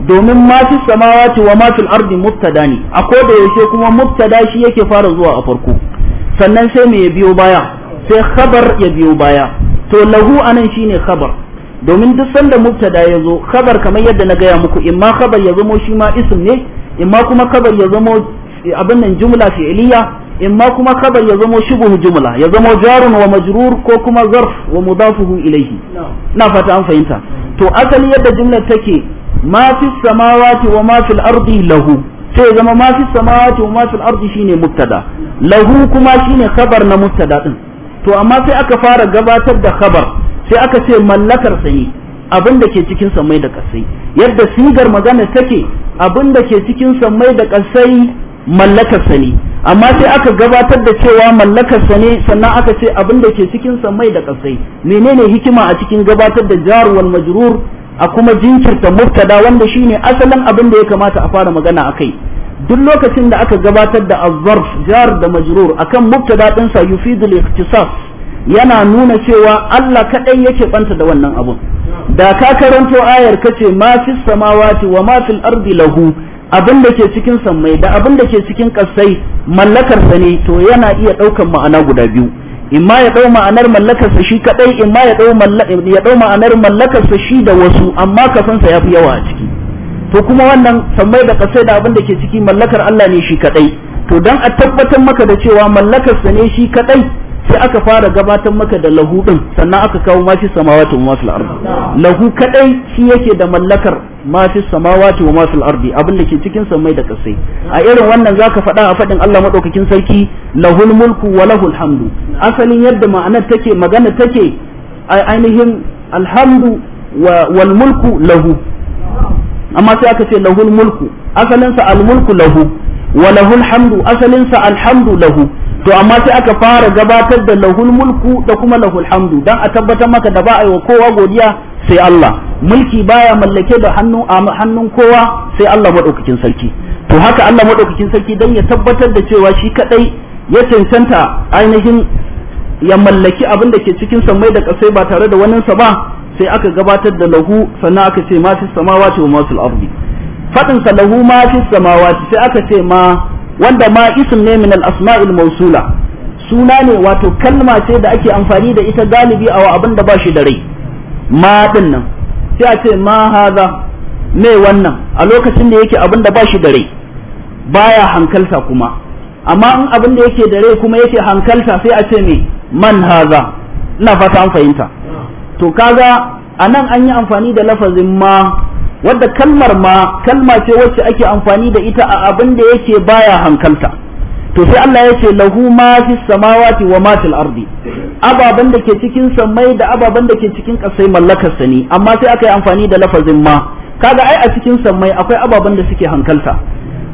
domin ma fi samawati wa ma fil ardi mubtada ne a koda yaushe kuma mubtada shi yake fara zuwa a farko sannan sai me ya biyo baya sai khabar ya biyo baya to lahu anan shine khabar domin duk sanda mubtada ya zo khabar kamar yadda na gaya muku imma khabar ya zamo shi ma isim ne imma kuma khabar ya zamo eh, abin nan jumla fi'liya imma kuma khabar ya zamo shubuh jumla ya zamo jarun wa majrur ko kuma zarf wa mudafuhu ilayhi na fata an fahimta to asali yadda jumlar take ma fi samawati wa ma fil ardi lahu sai zama ma fi samawati wa ma fil ardi shine mubtada lahu kuma shine khabar na mubtada din to amma sai aka fara gabatar da khabar sai aka ce mallakar sa ne abin da ke cikin mai da kasai yadda sigar magana take abin da ke cikin mai da kasai mallakar sa ne amma sai aka gabatar da cewa mallakar sa ne sannan aka ce abin da ke cikin mai da kasai menene hikima a cikin gabatar da jar wal majrur a kuma jinkirta mubtada wanda shine asalin abin da ya kamata a fara magana akai duk lokacin da aka gabatar da azzarf jar da majrur akan mubtada din sa yufidul ikhtisas yana nuna cewa Allah kaɗai yake banta da wannan abun da ka karanto ayar kace ma fi samawati wa ma fil ardi lahu abin da ke cikin sammai da abin da ke cikin kasai mallakar sa ne to yana iya ɗaukan ma'ana guda biyu imma ya ɗau ma'anar mallakar sa shi kadai imma ya ɗau ya ɗau ma'anar mallakar sa shi da wasu amma kafin sa yafi yawa a ciki to kuma wannan sammai da kasai da abin da ke ciki mallakar Allah ne shi kadai to dan a tabbatar maka da cewa mallakar sa ne shi kadai sai aka fara gabatar maka da lahu din sannan aka kawo ma fi samawati wa masul ardi lahu kadai shi yake da mallakar ma fi samawati wa masul ardi abin da ke cikin samai da kasai a irin wannan zaka faɗa a faɗin Allah madaukakin sarki lahul mulku wa lahul hamdu asalin yadda ma'anar take magana take ainihin alhamdu wa wal mulku lahu amma sai aka ce lahul mulku asalinsa al mulku lahu wa lahul hamdu asalinsa alhamdu lahu to amma sai aka fara gabatar da lahul mulku da kuma lahul hamdu dan a tabbatar maka da ba a yi wa kowa godiya sai Allah mulki baya mallake da a hannun kowa sai Allah madaukakin sarki to haka Allah madaukakin sarki dan ya tabbatar da cewa shi kadai ya cancanta ainihin ya mallaki abin da ke cikin samai da kasai ba tare da waninsa ba sai aka gabatar da lahu sannan aka ce ma fi samawati wa masul ardi fadin sa lahu ma fi samawati sai aka ce ma wanda ma ism ne min al-asma'il mawsula suna ne wato kalma ce da ake amfani da ita galibi a abin da ba shi da rai ma din nan sai a ce ma haza me wannan a lokacin da yake abin da ba shi da rai baya hankalta kuma amma in abin da yake da rai kuma yake hankalta sai a ce me man haza ina fata an fahimta to kaga anan an yi amfani da lafazin ma wadda kalmar ma kalma ce wacce ake amfani da ita a abin da yake baya hankalta to sai Allah ya ce lahu ma fi samawati wa ma fil ardi ababan da ke cikin samai da ababan da ke cikin kasai mallakar sa ne amma sai aka yi amfani da lafazin ma kaga ai a cikin samai akwai ababan da suke hankalta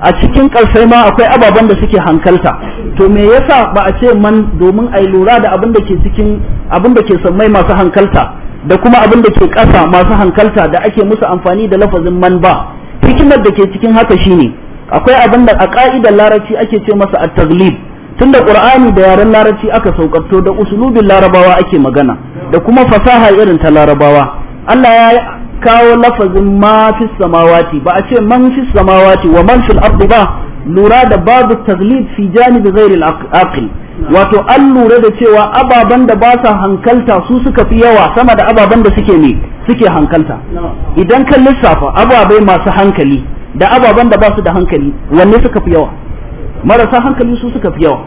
a cikin kasai ma akwai ababan da suke hankalta to me yasa ba a ce man domin ai lura da abin da ke cikin abin da ke samai masu hankalta da kuma abin da ke ƙasa masu hankalta da ake musu amfani da lafazin man ba hikimar da ke cikin haka shine akwai abin da a ƙa'idar larabci ake ce masa at-taglib tunda qur'ani da yaren larabci aka saukarto da usulubin larabawa ake magana da kuma fasaha irin ta larabawa Allah ya kawo lafazin ma fi samawati ba a ce man fi samawati wa man fil ardi ba lura da babu taglid fi janibi ghairi al-aqil wato an lura da cewa ababan da ba sa hankalta su suka fi yawa sama da ababan da suke ne suke hankalta idan kan lissafa ababai masu hankali da ababan da ba su da hankali wanne suka fi yawa marasa hankali su suka fi yawa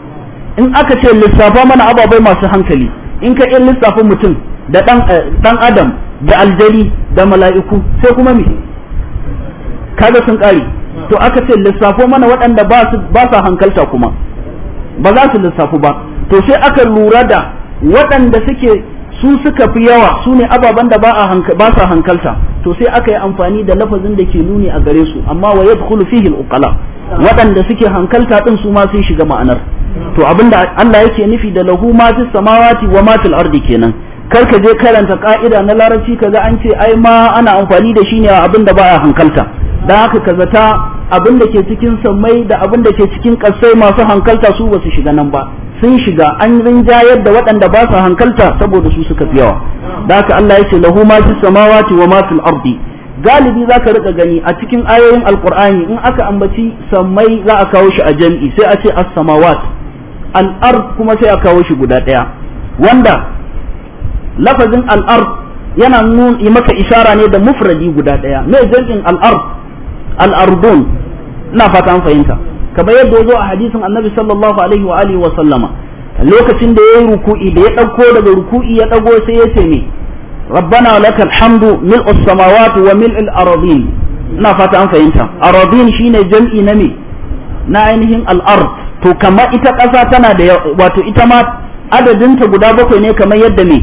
in aka ce lissafa mana ababai masu hankali in ka yi lissafin mutum da dan eh, adam da aljali da mala'iku sai kuma me kaga sun kare to aka ce lissafo mana waɗanda ba sa hankalta kuma ba za su lissafu ba to sai aka lura da waɗanda suke su suka fi yawa su ne ababen da ba ba sa hankalta to sai aka yi amfani da lafazin da ke nuni a gare su amma wa yadkhulu fihi al-uqala waɗanda suke hankalta din su ma shiga ma'anar to abinda Allah yake nufi da lahu ma fis samawati wa ma fil ardi kenan kar ka je karanta ka'ida na larabci kaga an ce ai ma ana amfani da shi ne abin da ba a hankalta dan haka ka zata abin da ke cikin sammai da abin da ke cikin ƙasai masu hankalta su ba su shiga nan ba sun shiga an rinjayar da waɗanda ba su hankalta saboda su suka fi yawa da haka Allah ya ce lahu ma fi samawati wa ma fil ardi galibi za ka rika gani a cikin ayoyin alqur'ani in aka ambaci sammai za a kawo shi a jam'i sai a ce as-samawat al-ard kuma sai a kawo shi guda ɗaya wanda lafazin al-ard yana nuna maka ishara ne da mufradi guda ɗaya me jam'in al-ard al-ardun ina fata an fahimta kamar yadda ya zo a hadisin annabi sallallahu alaihi wa alihi wa sallama lokacin da yayi ruku'i da ya dauko daga ruku'i ya dago sai ya ce ne rabbana lakal hamdu mil'u samawati wa mil mil'il ardin ina fata an fahimta ardin shine jam'i na me na ainihin al-ard to kamar ita ƙasa tana da wato ita ma adadinta guda bakwai ne kamar yadda ne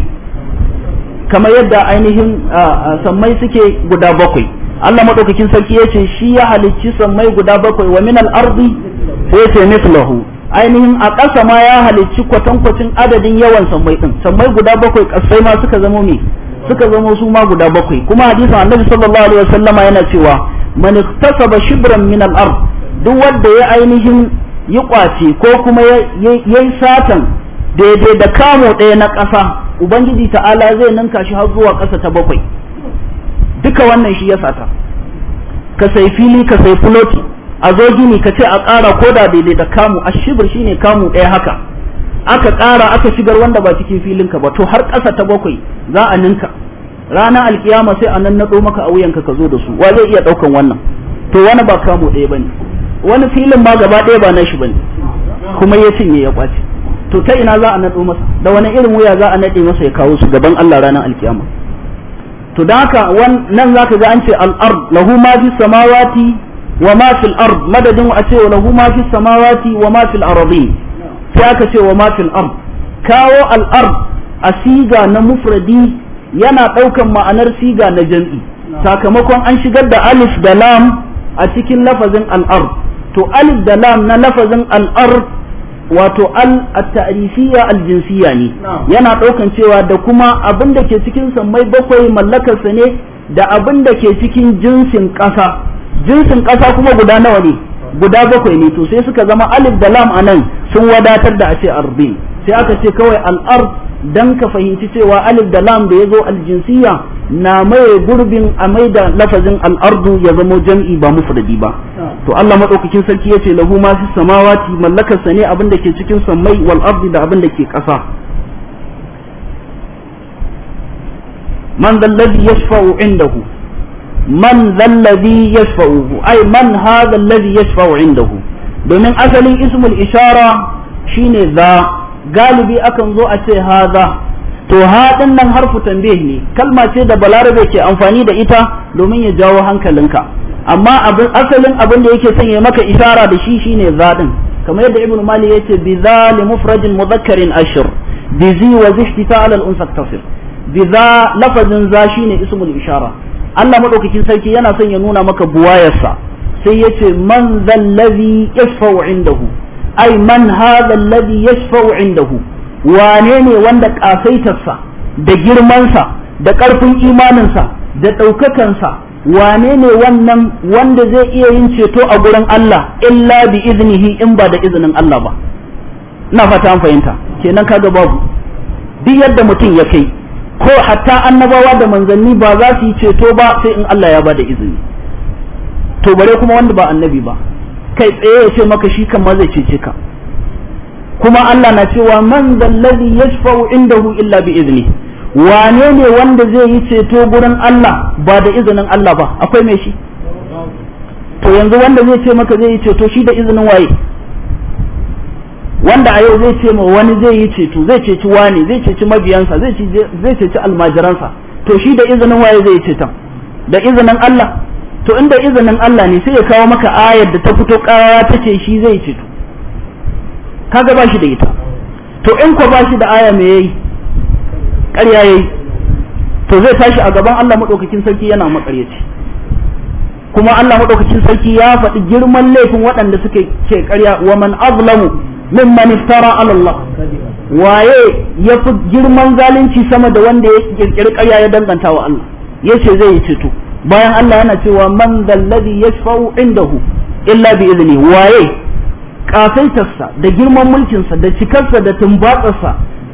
kamar yadda ainihin sammai suke guda bakwai Allah madaukakin sarki ce shi ya halicci sammai guda bakwai wa min al-ardi sai yace mithluhu ainihin a ƙasa ma ya halicci kwatankwacin adadin yawan sammai din sammai guda bakwai ƙasai ma suka zamo me suka zamo su ma guda bakwai kuma hadisin Annabi sallallahu alaihi wasallama yana cewa man iktasaba shibran min al-ard duk wanda ya ainihin yi kwace ko kuma yayi satan daidai da kamo ɗaya na ƙasa ubangiji ta'ala zai ninka shi har zuwa ƙasa ta bakwai duka wannan shi ya sata ka sai fili ka sai fuloti a zo gini ka ce a ƙara da daidai da kamu a shibir shine kamu ɗaya haka aka ƙara aka shigar wanda ba cikin filinka ba to har ƙasa ta bakwai za a ninka rana alkiyama sai a nan naɗo maka a wuyanka ka zo da su wa zai iya ɗaukan wannan to wani ba kamu ɗaya ba ne wani filin ma gaba ɗaya ba nashi ba ne kuma ya cinye ya ƙwace to ta ina za a naɗo masa da wani irin wuya za a naɗe masa ya kawo su gaban Allah ranar alkiyama to da haka nan zaka ga an ce al lahu ma fi samawati wa ma fil ard madadin a ce lahu ma fi samawati wa ma fil ardi sai aka ce wa ma fil kawo al'ar a siga na mufradi yana ɗaukar ma'anar siga na jam'i sakamakon an shigar da alif da lam a cikin lafazin al to alif da lam na lafazin al'ar. wato al aljinsiyya al-jinsiyya ne yana daukan cewa da kuma abin da ke cikin mai bakwai mallakar sa ne da abin da ke cikin jinsin ƙasa jinsin ƙasa kuma guda nawa ne guda bakwai ne to sai suka zama alif da lam anan sun wadatar da a ce sai aka ce kawai al-ard dan ka fahimci cewa alif da lam da zo aljinsiya na mai gurbin a mai da lafazin al'ardu ya zamo jam'i ba mufradi ba to Allah madaukakin sarki yace lahu ma fi samawati mallakar sa ne abin da ke cikin sammai wal ardi da abin da ke ƙasa man dalladhi yashfa'u indahu man dalladhi yashfa'u ai man hadha alladhi yashfa'u indahu domin asalin ismul ishara shine za galibi akan zo a ce haza to ha din nan harfu ne kalma ce da balarabe ke amfani da ita domin ya jawo hankalinka amma abin asalin abin da yake sanya maka isara da shi shine za kamar yadda ibnu mali yace bi za li mufradin mudhakkarin ashir bi zi wa zi ihtifal al unsa tasir bi za lafazin za shine ismul ishara Allah madaukakin sarki yana son ya nuna maka buwayarsa sai yace man zallazi yashfa'u indahu ai man Ladi ya yashfa'u indahu wane ne wanda kasaitarsa da girmansa da karfin imaninsa da sa wane ne wannan wanda zai iya yin ceto a gurin Allah illa bi iznihi in ba da izinin Allah ba ina fata an fahimta kenan kaga babu duk yadda mutum ya kai ko hatta annabawa da manzanni ba za su yi ceto ba sai in Allah ya ba da izini to bare kuma wanda ba annabi ba kai tsaye ya ce maka shi kan zai cece ka kuma Allah na cewa man zallazi inda hu illa bi izini wane ne wanda zai yi ceto gurin Allah ba da izinin Allah ba akwai mai shi to yanzu wanda zai ce maka zai yi ceto shi da izinin waye wanda a yau zai ce ma wani zai yi ceto zai ceci wani zai ceci mabiyansa zai ceci almajiransa to shi da izinin waye zai yi ceton da izinin Allah to inda izinin Allah ne sai ya kawo maka ayar da ta fito ƙara ta ce shi zai ci kaga ba shi da ita to in ko ba shi da aya me yayi ƙarya yayi to zai tashi a gaban Allah madaukakin sarki yana makaryaci kuma Allah madaukakin sarki ya faɗi girman laifin waɗanda suke ke ƙarya wa man azlamu mimman iftara ala Allah waye ya fi girman zalunci sama da wanda ya kirkiri ƙarya ya danganta wa Allah yace zai yi tutu bayan Allah yana cewa man ya yashfa'u indahu illa bi izini. waye kafaitarsa da girman mulkinsa da cikarsa da tumbatsarsa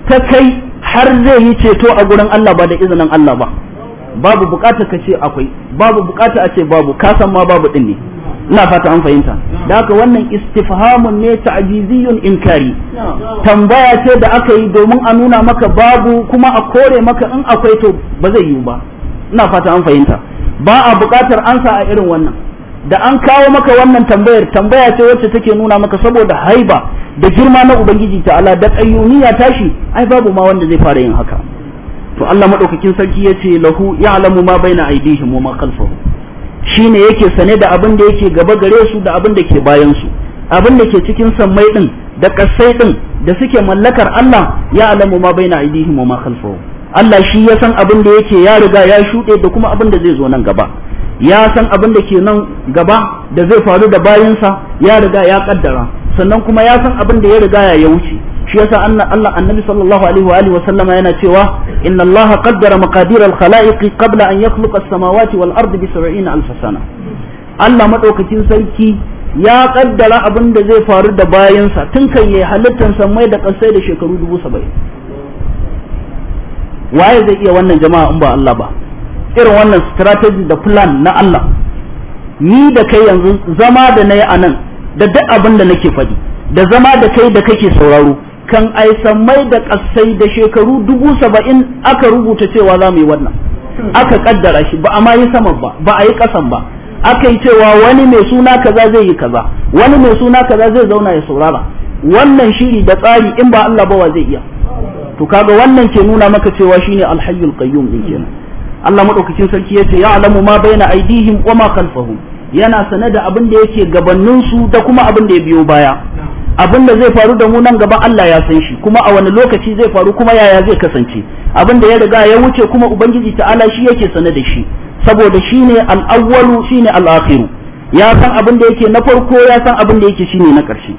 ta kai har zai yi ceto a gurin Allah ba da izinin Allah ba babu bukata ka akwai babu bukata a ce babu ka san ma babu din ne ina fata an fahimta da haka wannan istifhamun ne ta'jiziyun inkari tambaya ce da aka yi domin a nuna maka babu kuma a kore maka in akwai to ba zai yiwu ba ina fata an fahimta ba a buƙatar ansa a irin wannan da an kawo maka wannan tambayar tambaya ce wacce take nuna maka saboda haiba da girma na ubangiji ta'ala da qayyumiya tashi ai babu ma wanda zai fara yin haka to Allah madaukakin sarki yace lahu ya'lamu ma baina aydihim wa ma khalfahum shine yake sane da abin da yake gaba gare su da abin da ke bayan su abin da ke cikin sammai din da kasai din da suke mallakar Allah ya'lamu ma baina aydihim wa ma khalfahum Allah shi ya san abin da yake ya riga ya shuɗe da kuma abin da zai zo nan gaba ya san abin da ke nan gaba da zai faru da bayansa ya riga ya kaddara sannan kuma ya san abin da ya riga ya wuce shi yasa Allah annabi sallallahu alaihi wa alihi wa sallama yana cewa inna Allah qaddara maqadir al-khalaiqi qabla an yakhluqa as-samawati wal ardi bi 70 alf sana Allah madaukakin sarki ya kaddara abin da zai faru da bayansa tun kan yayi halittar samai da kasai da shekaru 70 waye zai iya wannan jama'a in ba Allah ba irin wannan strategy da plan na Allah ni da kai yanzu zama da nayi anan da duk abin da nake faɗi da zama da kai da kake sauraro kan aisammai da ƙasai da shekaru dubu saba'in aka rubuta cewa za mu yi wannan aka kaddara shi ba a ma yi saman ba ba a yi ƙasan ba aka yi cewa wani mai suna kaza zai yi kaza wani mai suna kaza zai zauna ya saurara wannan shiri da tsari in ba Allah ba wa zai iya to kaga wannan ke nuna maka cewa shine alhayyul qayyum din kenan Allah madaukakin sarki yace ya'lamu ma baina aydihim wa ma khalfahum yana sane da abin da yake gabanin su da kuma abin da ya biyo baya abin da zai faru da mu nan gaba Allah ya san shi kuma a wani lokaci zai faru kuma yaya zai kasance abin da ya riga ya wuce kuma ubangiji ta'ala shi yake sane da shi saboda shine al-awwalu shine al-akhiru ya san abin da yake na farko ya san abin da yake shine na ƙarshe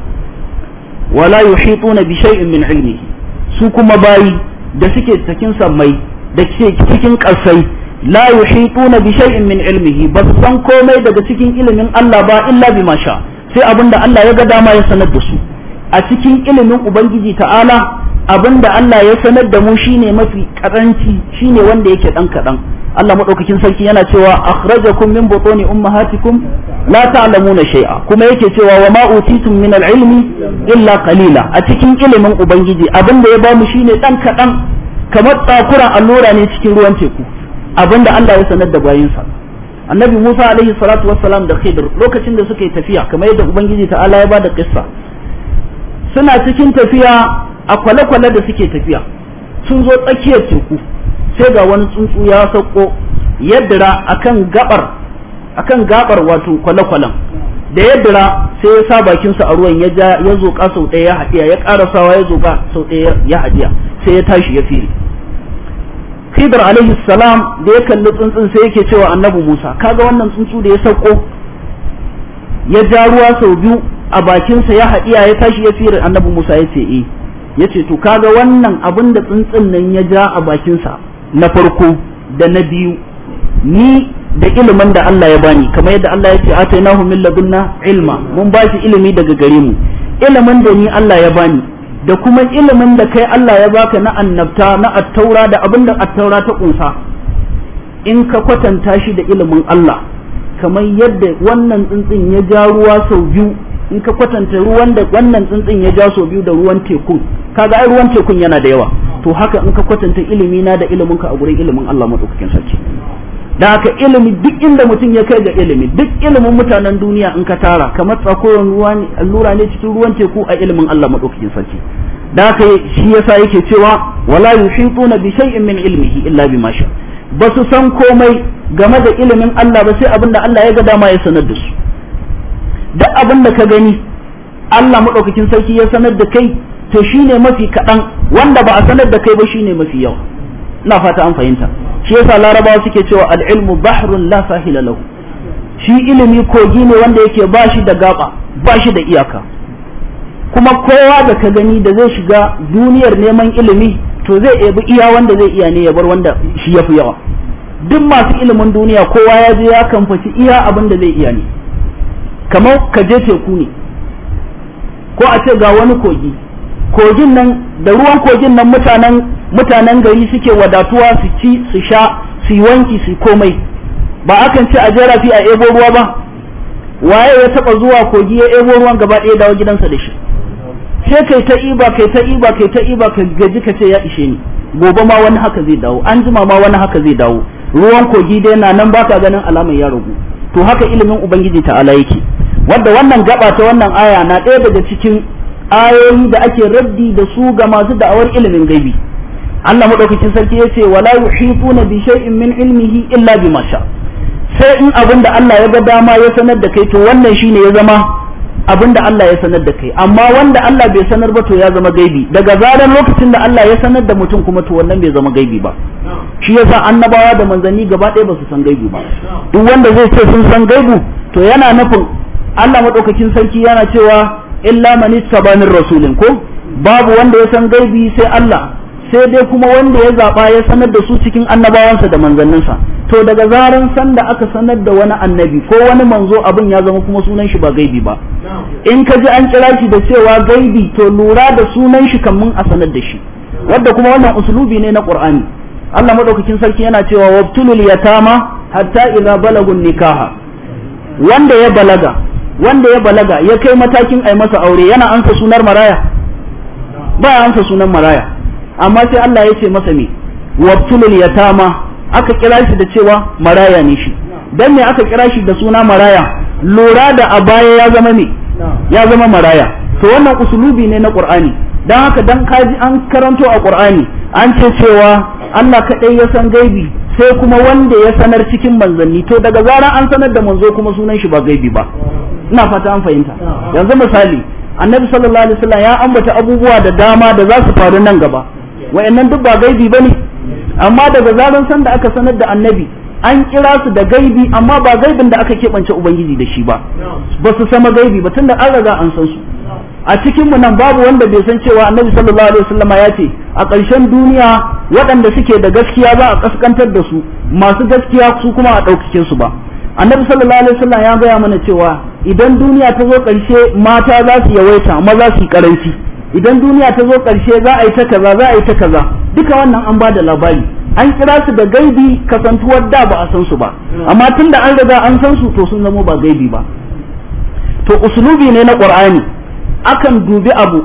wala yuhituna bi shay'in min ilmihi su kuma bayi da suke cikin sammai da ke cikin ƙasai la yuhituna bi shay'in min ilmihi ba su san komai daga cikin ilimin Allah ba illa bi masha sai abinda Allah ya ga dama ya sanar da su a cikin ilimin ubangiji ta'ala da Allah ya sanar da mu shine mafi karanci shine wanda yake dan kadan Allah maɗaukakin sarki yana cewa akhrajakum min butuni ummahatikum la ta'lamuna shay'a kuma yake cewa wa ma utitum min al-ilmi illa qalila a cikin ilimin ubangiji abinda ya bamu shine dan kadan kamar tsakuran allura ne cikin ruwan teku abinda Allah ya sanar da bayinsa annabi Musa alaihi salatu wassalam da Khidir lokacin da suka yi tafiya kamar yadda ubangiji ta'ala ya ba da kissa suna cikin tafiya a kwale-kwale da suke tafiya sun zo tsakiyar teku sai ga wani tsuntsu ya sauko ya dira akan gabar akan gabar wato kwale-kwalen da ya dira sai ya sa bakinsa a ruwan ya ja ya ka sau ɗaya ya haɗiya ya ƙarasawa ya zoka sau ɗaya ya haɗiya sai ya tashi ya fili Khidr alaihi salam da ya kalli tsuntsun sai yake cewa annabi Musa kaga wannan tsuntsu da ya sauko ya ja ruwa sau biyu a bakinsa ya haɗiya ya tashi ya fira annabi Musa ya ce eh ya ce to kaga wannan abin da tsuntsun nan ya ja a bakinsa na farko da na biyu ni da ilimin da Allah ya bani kamar yadda Allah ya ce a atainahu min ladunna ilma mun ba shi ilimi daga gare mu ilimin da ni Allah ya bani da kuma ilimin da kai Allah ya baka na annabta na attaura da abin da attaura ta kunsa in ka kwatanta shi da ilimin Allah kamar yadda wannan tsuntsun ya ja ruwa sau biyu in ka kwatanta ruwan da wannan tsuntsun ya ja sau biyu da ruwan tekun kaga ai ruwan tekun yana da yawa to haka in ka kwatanta ilimi na da ilimin ka a gurin ilimin Allah madaukakin sarki da haka ilimi duk inda mutum ya kai ga ilimi duk ilimin mutanen duniya in ka tara kamar tsakoyon ruwa ne allura ne cikin ruwan teku a ilimin Allah madaukakin sarki da haka shi yasa yake cewa wala yushituna bi shay'in min ilmihi illa bima sha ba su san komai game da ilimin Allah ba sai abin da Allah ya ga dama ya sanar da su duk abinda ka gani Allah madaukakin sarki ya sanar da kai to shine mafi kaɗan wanda ba a sanar da kai ba shine mafi yawa ina fata an fahimta shi yasa larabawa suke cewa al'ilmu bahrun la sahila lahu shi ilimi kogi ne wanda yake bashi da gaba bashi da iyaka kuma kowa da ka gani da zai shiga duniyar neman ilimi to zai ebi iya wanda zai iya ne ya bar wanda shi ya yawa duk masu ilimin duniya kowa ya je ya kamfaci iya abin da zai iya ne kamar ka je teku ne ko a ce ga wani kogi kogin nan da ruwan kogin nan mutanen mutanen gari suke wadatuwa su ci su sha su wanki su komai ba akan ce a jera jarafi a ebo ruwa ba waye ya taba zuwa kogi ya ebo ruwan gaba ɗaya dawo gidansa da shi sai kai ta iba kai ta iba kai ta iba ka gaji ka ce ya ishe ni gobe ma wani haka zai dawo an jima ma wani haka zai dawo ruwan kogi dai na nan baka ganin alamar ya ragu to haka ilimin ubangiji ta'ala yake wanda wannan gaba ta wannan aya na ɗaya daga cikin ayoyi da ake raddi da su ga masu da'awar ilimin gaibi Allah madaukakin sarki yace wala yuhituna bi shay'in min ilmihi illa bima sha sai in da Allah ya ga dama ya sanar da kai to wannan shine ya zama da Allah ya sanar da kai amma wanda Allah bai sanar ba to ya zama gaibi daga zaran lokacin da Allah ya sanar da mutum kuma to wannan bai zama gaibi ba shi yasa annabawa da manzanni gaba ɗaya ba su san gaibi ba duk wanda zai ce sun san gaibu to yana nufin Allah madaukakin sarki yana cewa illa man ittabanin rasulin ko babu wanda ya san gaibi sai Allah sai dai kuma wanda ya zaba ya sanar da su cikin annabawansa da manzanninsa to daga zaran sanda aka sanar da wani annabi ko wani manzo abin ya zama kuma sunan shi ba gaibi ba in ka ji an kira shi da cewa gaibi to lura da sunan shi kamun a sanar da shi wadda kuma wannan usulubi ne na qur'ani Allah madaukakin sarki yana cewa wabtulul yatama hatta idza balagun nikaha wanda ya balaga wanda ya balaga ya kai matakin ai masa aure yana ansa sunar maraya ba ya ansa sunan maraya amma sai Allah ya ce masa me wabtulul yatama aka kira shi da cewa maraya ne shi dan me aka kira shi da suna maraya lura da a baya ya zama ne ya zama maraya to wannan usulubi ne na qur'ani dan haka dan kaji an karanto a qur'ani an ce cewa Allah kadai ya san gaibi sai kuma wanda ya sanar cikin manzanni to daga zarar an sanar da manzo kuma sunan shi ba gaibi ba ina fata an fahimta yanzu misali annabi sallallahu alaihi wasallam ya ambata abubuwa da dama da za su faru nan gaba wayannan duk ba gaibi bane amma daga zaran san da aka sanar da annabi an kira su da gaibi amma ba gaibin da aka keɓance ubangiji da shi ba ba su sama gaibi ba tunda an raga an san su a cikin mu nan babu wanda bai san cewa annabi sallallahu alaihi wasallam ya ce a ƙarshen duniya waɗanda suke da gaskiya za a kaskantar da su masu gaskiya su kuma a ɗaukake su ba annabi sallallahu alaihi wasallam ya gaya mana cewa idan duniya ta zo ƙarshe mata za su yawaita maza su yi idan duniya ta zo ƙarshe za a yi ta kaza za a yi ta kaza duka wannan an ba da labari an kira su da gaibi kasantuwar da ba a san su ba amma tunda an riga an san su to sun zama ba gaibi ba to uslubi ne na qur'ani akan dubi abu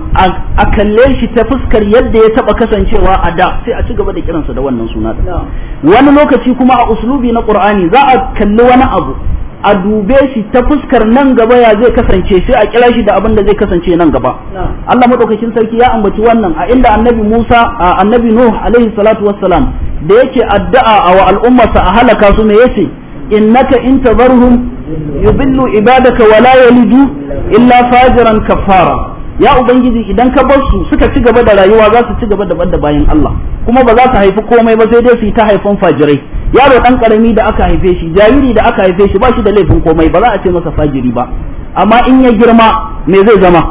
a kalle shi ta fuskar yadda ya taba kasancewa a da sai a ci gaba da kiransa da wannan suna da wani lokaci kuma a uslubi na qur'ani za a kalli wani abu a dube shi ta fuskar nan gaba ya zai kasance sai a kira shi da abin da zai kasance nan gaba Allah madaukakin sarki ya ambaci wannan a inda annabi Musa annabi Nuh alaihi salatu wassalam da yake addu'a wa al'ummarsa a halaka su me yace innaka in yubillu ibadaka wala yalidu illa fajiran kafara ya ubangiji idan ka bar su suka ci gaba da rayuwa za su ci gaba da da bayan Allah kuma ba za su haifi komai ba sai dai su yi ta haifan fajirai yaro dan karami da aka haife shi jariri da aka haife shi ba shi da laifin komai ba za a ce masa fajiri ba amma in ya girma me zai zama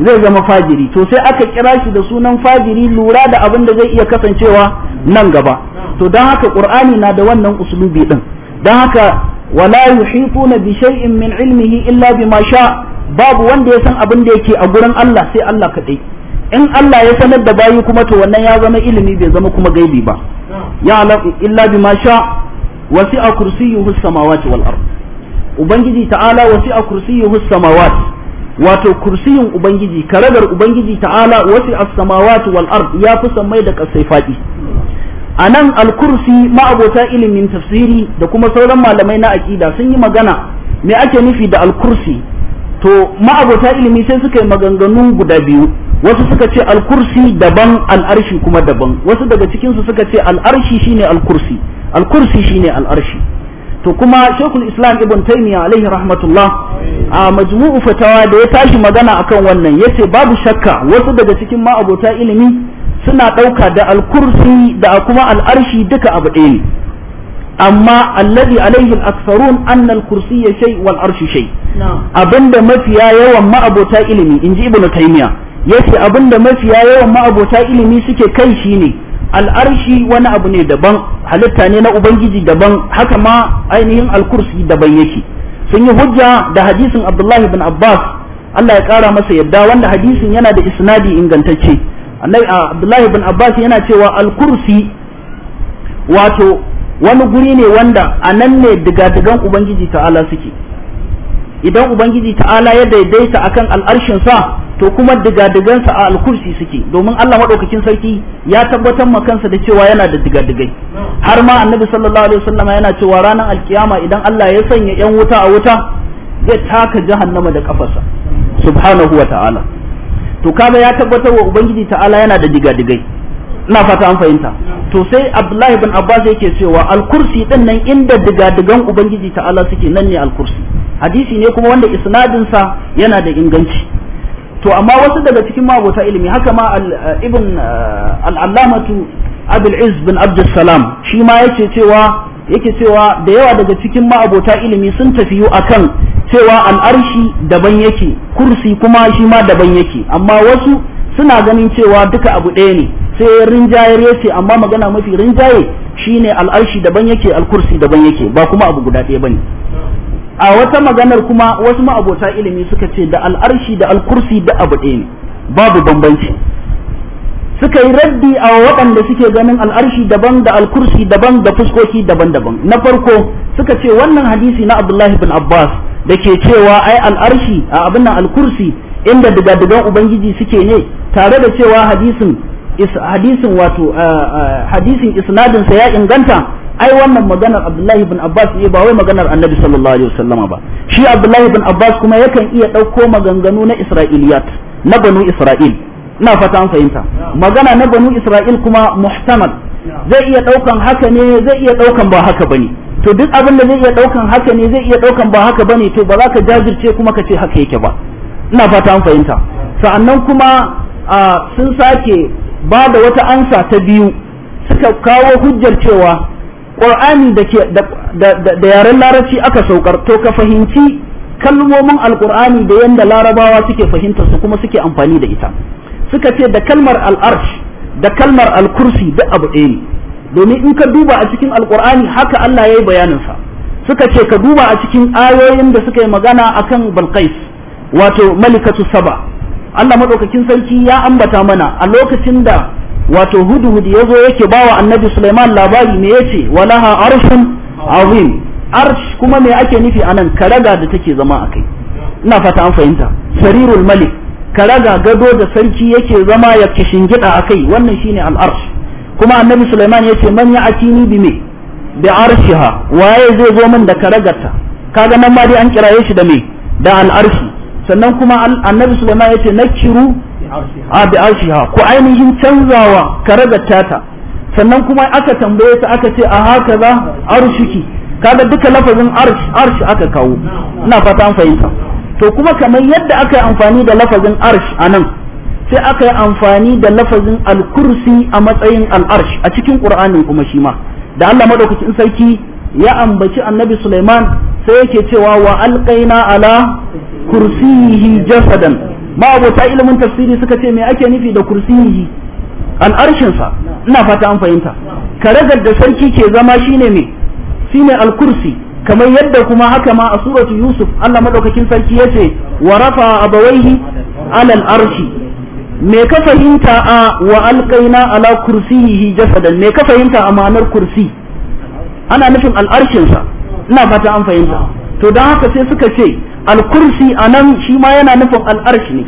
zai zama fajiri to sai aka kira shi da sunan fajiri lura da abin da zai iya kasancewa nan gaba to don haka qur'ani na da wannan usulubi din don haka wala yuhituna bi shay'in min ilmihi illa bima sha babu wanda ya san abin da yake a gurin Allah sai Allah kaɗai in Allah ya sanar da bayi kuma to wannan ya zama ilimi bai zama kuma gaibi ba ya alam illa bima sha wasi'a kursiyyuhu samawati wal ard ubangiji ta'ala wasi'a kursiyyuhu samawati wato kursiyin ubangiji karabar ubangiji ta'ala wasi'a samawati wal ard ya fi sammai da kasai fadi a nan alkursi ma'abota ilimin tafsiri da kuma sauran malamai na aƙida sun yi magana me ake nufi da alkursi to ma'abota ilimi sai suka yi maganganu guda biyu wasu suka ce alkursi daban al'arshi kuma daban wasu daga cikinsu suka ce al'arshi shine alkursi alkursi shine al'arshi to kuma shekul islam ibn taymiya alaihi rahmatullah a majmu'u fatawa da ya tashi magana akan wannan yace babu shakka wasu daga cikin ma'abota ilimi suna ɗauka da alkursi da kuma al'arshi duka abu ɗaya ne amma allazi alaihi al-aktharun anna al-kursi shay wal arshi shay abinda mafiya yawan ma'abota ilimi inji ibnu taymiya yace abinda mafiya yawan ma'abota ilimi suke kai shine al'arshi wani abu ne daban halitta ne na ubangiji daban haka ma ainihin al-kursi daban yake sun yi hujja da hadisin abdullahi ibn abbas Allah ya kara masa yadda wanda hadisin yana da isnadi ingantacce annabi ah, abdullahi bin abbas yana cewa al-kursi wato wani guri ne wanda a nan ne digadigan ubangiji ta'ala suke idan ubangiji ta'ala ya daidaita akan al'arshin sa to kuma digadigansa a alkursi suke domin Allah madaukakin sarki ya tabbatar ma kansa da cewa yana da digadigai har ma annabi sallallahu alaihi wasallam yana cewa ranar alkiyama idan Allah ya sanya yan wuta a wuta zai taka jahannama da kafarsa subhanahu wa ta'ala to kaga ya tabbatar wa ubangiji ta'ala yana da digadigai ina fata an fahimta to sai abdullahi bin abbas yake cewa al-kursi din nan inda digadigan ubangiji ta'ala suke nan ne al hadisi ne kuma wanda isnadin sa yana da inganci to amma wasu daga cikin mabota ilimi haka ma eh, ibn eh, al-allamatu abul izz bin salam shi ma yake cewa yake cewa da yawa daga cikin ma'abota ilimi sun tafiyu akan cewa al'arshi daban yake kursi kuma shi ma daban yake amma wasu suna ganin cewa duka abu ɗaya ne sai rinjayar ya ce amma magana mafi rinjaye shine al'arshi daban yake alkursi daban yake ba kuma abu guda ɗaya bane a wata maganar kuma wasu ma'abota ilimi suka ce da al'arshi da alkursi da abu ɗaya ne babu bambanci suka yi raddi a waɗanda suke ganin al'arshi daban da alkursi daban da fuskoki daban-daban na farko suka ce wannan hadisi na abdullahi bin abbas da ke cewa ai al'arshi a abin nan al-kursi inda digadigan ubangiji suke ne tare da cewa hadisin hadisin wato hadisin isnadin sa ya inganta ai wannan maganar Abdullahi ibn Abbas ne ba wai maganar Annabi sallallahu alaihi wasallama ba shi Abdullahi ibn Abbas kuma yakan iya ɗauko maganganu na Isra'iliyat na Banu Isra'il ina fata an fahimta magana na Banu Isra'il kuma muhtamal zai iya ɗaukan haka ne zai iya ɗaukan ba haka bane to duk abin da zai iya daukan haka ne zai iya daukan ba haka bane to ba za ka jajirce kuma ka ce haka yake ba ina fata an fahimta sa'annan kuma sun sake ba da wata ansa ta biyu suka kawo hujjar cewa qur'ani da ke da yaren larabci aka saukar to ka fahimci kalmomin alqur'ani da yanda larabawa suke fahimtar su kuma suke amfani da ita suka ce da kalmar al'arsh da kalmar al-kursi duk abu ɗaya ne domin in ka duba a cikin alkur'ani haka Allah ya yi bayaninsa suka ce ka duba a cikin ayoyin da suka yi magana akan balkais wato malikatu saba Allah maɗaukakin sarki ya ambata mana a lokacin da wato Hudu ya zo yake bawa annabi Sulaiman labari me yace walaha arshun azim arsh kuma me ake nufi anan karaga da take zama kai ina fata an fahimta sarirul malik karaga gado da sarki yake zama ya a akai wannan shine al kuma annabi Suleiman ya ce man ya ni bi me bi arshiha waye zai zo min da karagarta kaga nan ma dai an kiraye shi da me da al'arshi sannan kuma annabi Suleiman ya ce nakiru a bi arshiha ku ainihin canzawa karagarta ta sannan kuma aka tambaye ta aka ce a haka za arshiki kaga duka lafazin arsh arsh aka kawo ina fata an fahimta to kuma kamar yadda aka yi amfani da lafazin arsh anan sai aka yi amfani da lafazin al a matsayin al a cikin ƙur'ani kuma shi ma da Allah madaukakin sarki ya ambaci annabi Sulaiman sai yake cewa wa alqaina ala kursiyihi jasadan ma abota ilimin tafsiri suka ce me ake nufi da kursiyihi al'arshin sa ina fata an fahimta karagar da sarki ke zama shine me shine al kamar yadda kuma haka ma a suratu Yusuf Allah madaukakin sarki yace wa rafa abawaihi alal arshi me ka fahimta a wa alƙaina ala kursihi jasadan me ka fahimta a ma'anar kursi ana nufin al'arshinsa ina fata an fahimta to don haka sai suka ce alkursi a nan shi ma yana nufin al'arsh ne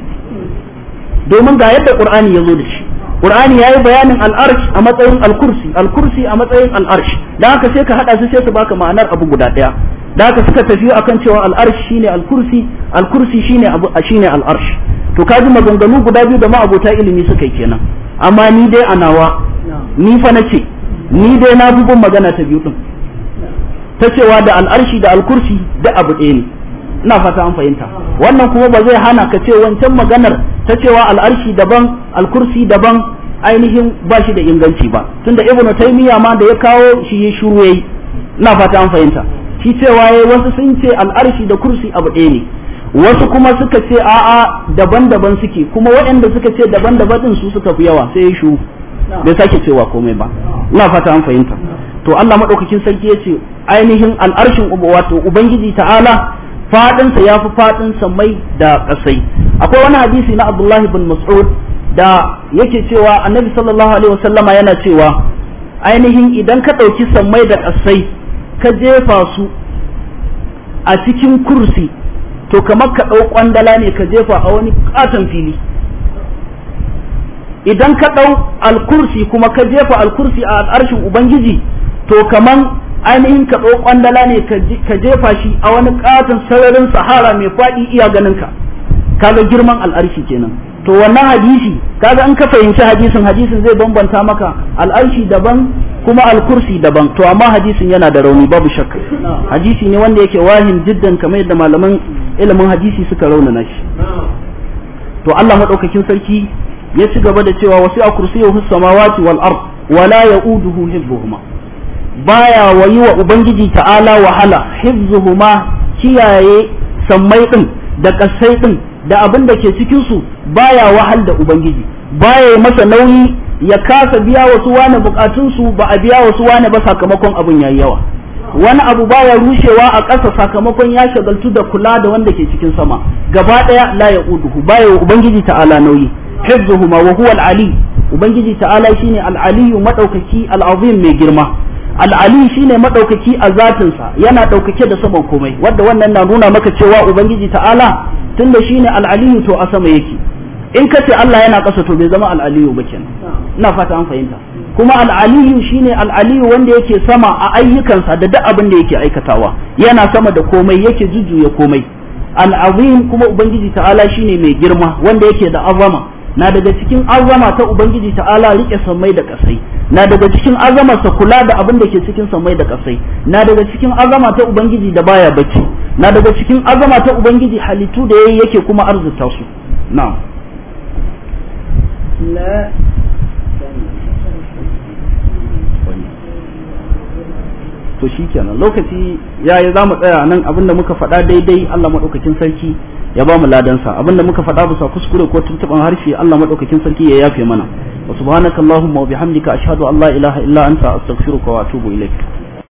domin ga yadda ƙur'ani ya zo da shi ƙur'ani ya yi bayanin al'arsh a matsayin alkursi alkursi a matsayin al'arsh don haka sai ka haɗa su sai su baka ma'anar abu guda ɗaya da haka suka tafi akan cewa al'arsh shine alkursi alkursi shine abu shine al'arsh to ji maganganu guda biyu da ma'abota ilimi suka yi kenan amma ni dai a nawa ni fa na ce ni dai na bugun magana ta biyu din ta cewa da al'arshi da alkursi da abu ɗaya ne ina fata an fahimta wannan kuma ba zai hana ka ce wancan maganar ta cewa al'arshi daban alkursi daban ainihin ba shi da inganci ba tunda ibnu taymiya ma da ya kawo shi ya shuru yayi ina fata an fahimta shi cewa yayi wasu sun ce al'arshi da kursi abu ɗaya ne wasu kuma suka ce a'a daban-daban suke kuma waɗanda suka ce daban-daban din su suka fi yawa sai ya shu bai sake cewa komai ba ina fata an fahimta to Allah madaukakin sarki ya ce ainihin al'arshin wato ubangiji ta'ala fadinsa ya fi fadin mai da kasai akwai wani hadisi na Abdullahi bin Mas'ud da yake cewa annabi sallallahu alaihi wasallama yana cewa ainihin idan ka ɗauki samai da ƙasai ka jefa su a cikin kursi to kamar ka ɗau ƙwandala ne ka jefa a wani ƙaton fili idan ka ɗau alkursi kuma ka jefa alkursi a al'arshin ubangiji to kamar ainihin ka ɗau ƙwandala ne ka jefa shi a wani ƙaton sararin sahara mai faɗi iya ganinka kaga girman al'arshi kenan to wannan hadisi kaga in ka fahimci hadisin hadisin zai bambanta maka al'arshi daban kuma alkursi daban to amma hadisin yana da rauni babu shakka hadisi ne wanda yake wahin jiddan kamar yadda malaman ilimin hadisi suka rauna na shi to Allah madaukakin sarki ya ci gaba da cewa wasu a kursiyuhu samawati wal ard wala ya yauduhu Ba baya wayi wa ubangiji ta'ala wahala hibzuhuma kiyaye sammai ɗin da ƙasai ɗin da abin da ke cikin su baya wahal da ubangiji baya masa nauyi ya kasa biya wasu wane bukatun ba a biya wasu wane ba sakamakon abin yayi yawa wani abu baya rushewa a ƙasa sakamakon ya shagaltu da kula da wanda ke cikin sama gaba ɗaya la ya uduhu ya ubangiji ta'ala nauyi hifzuhuma wa huwa al ubangiji ta'ala shine al-ali madaukaki al mai girma al-ali shine madaukaki a zatinsa yana ɗaukake da saman komai wanda wannan na nuna maka cewa ubangiji ta'ala tunda shine al-ali to a sama yake in ka ce Allah yana ƙasa to bai zama al-ali ba kenan ina fata an fahimta kuma al'aliyu shine al'aliyu wanda yake sama a ayyukansa da duk abin da yake aikatawa yana sama da komai yake jujjuya komai al'azim kuma ubangiji ta'ala shine mai girma wanda yake da azama na daga cikin azama ta ubangiji ta'ala rike sammai da kasai na daga cikin sa kula da abin da ke cikin sammai da kasai na daga cikin azama ta ubangiji da baya bacci na daga cikin azama ta ubangiji halittu da yayi yake kuma arzuta su na'am to kenan lokaci za zamu tsaya nan abinda muka faɗa daidai Allah maɗaukakin sarki ya ba mu ladansa abinda muka faɗa bisa kuskure ko tuntuban harshe Allah maɗaukakin sarki ya yafe mana wa subhanakallahumma wa bihamdika ashhadu an la ilaha illa anta astaghfiruka wa atubu ilaik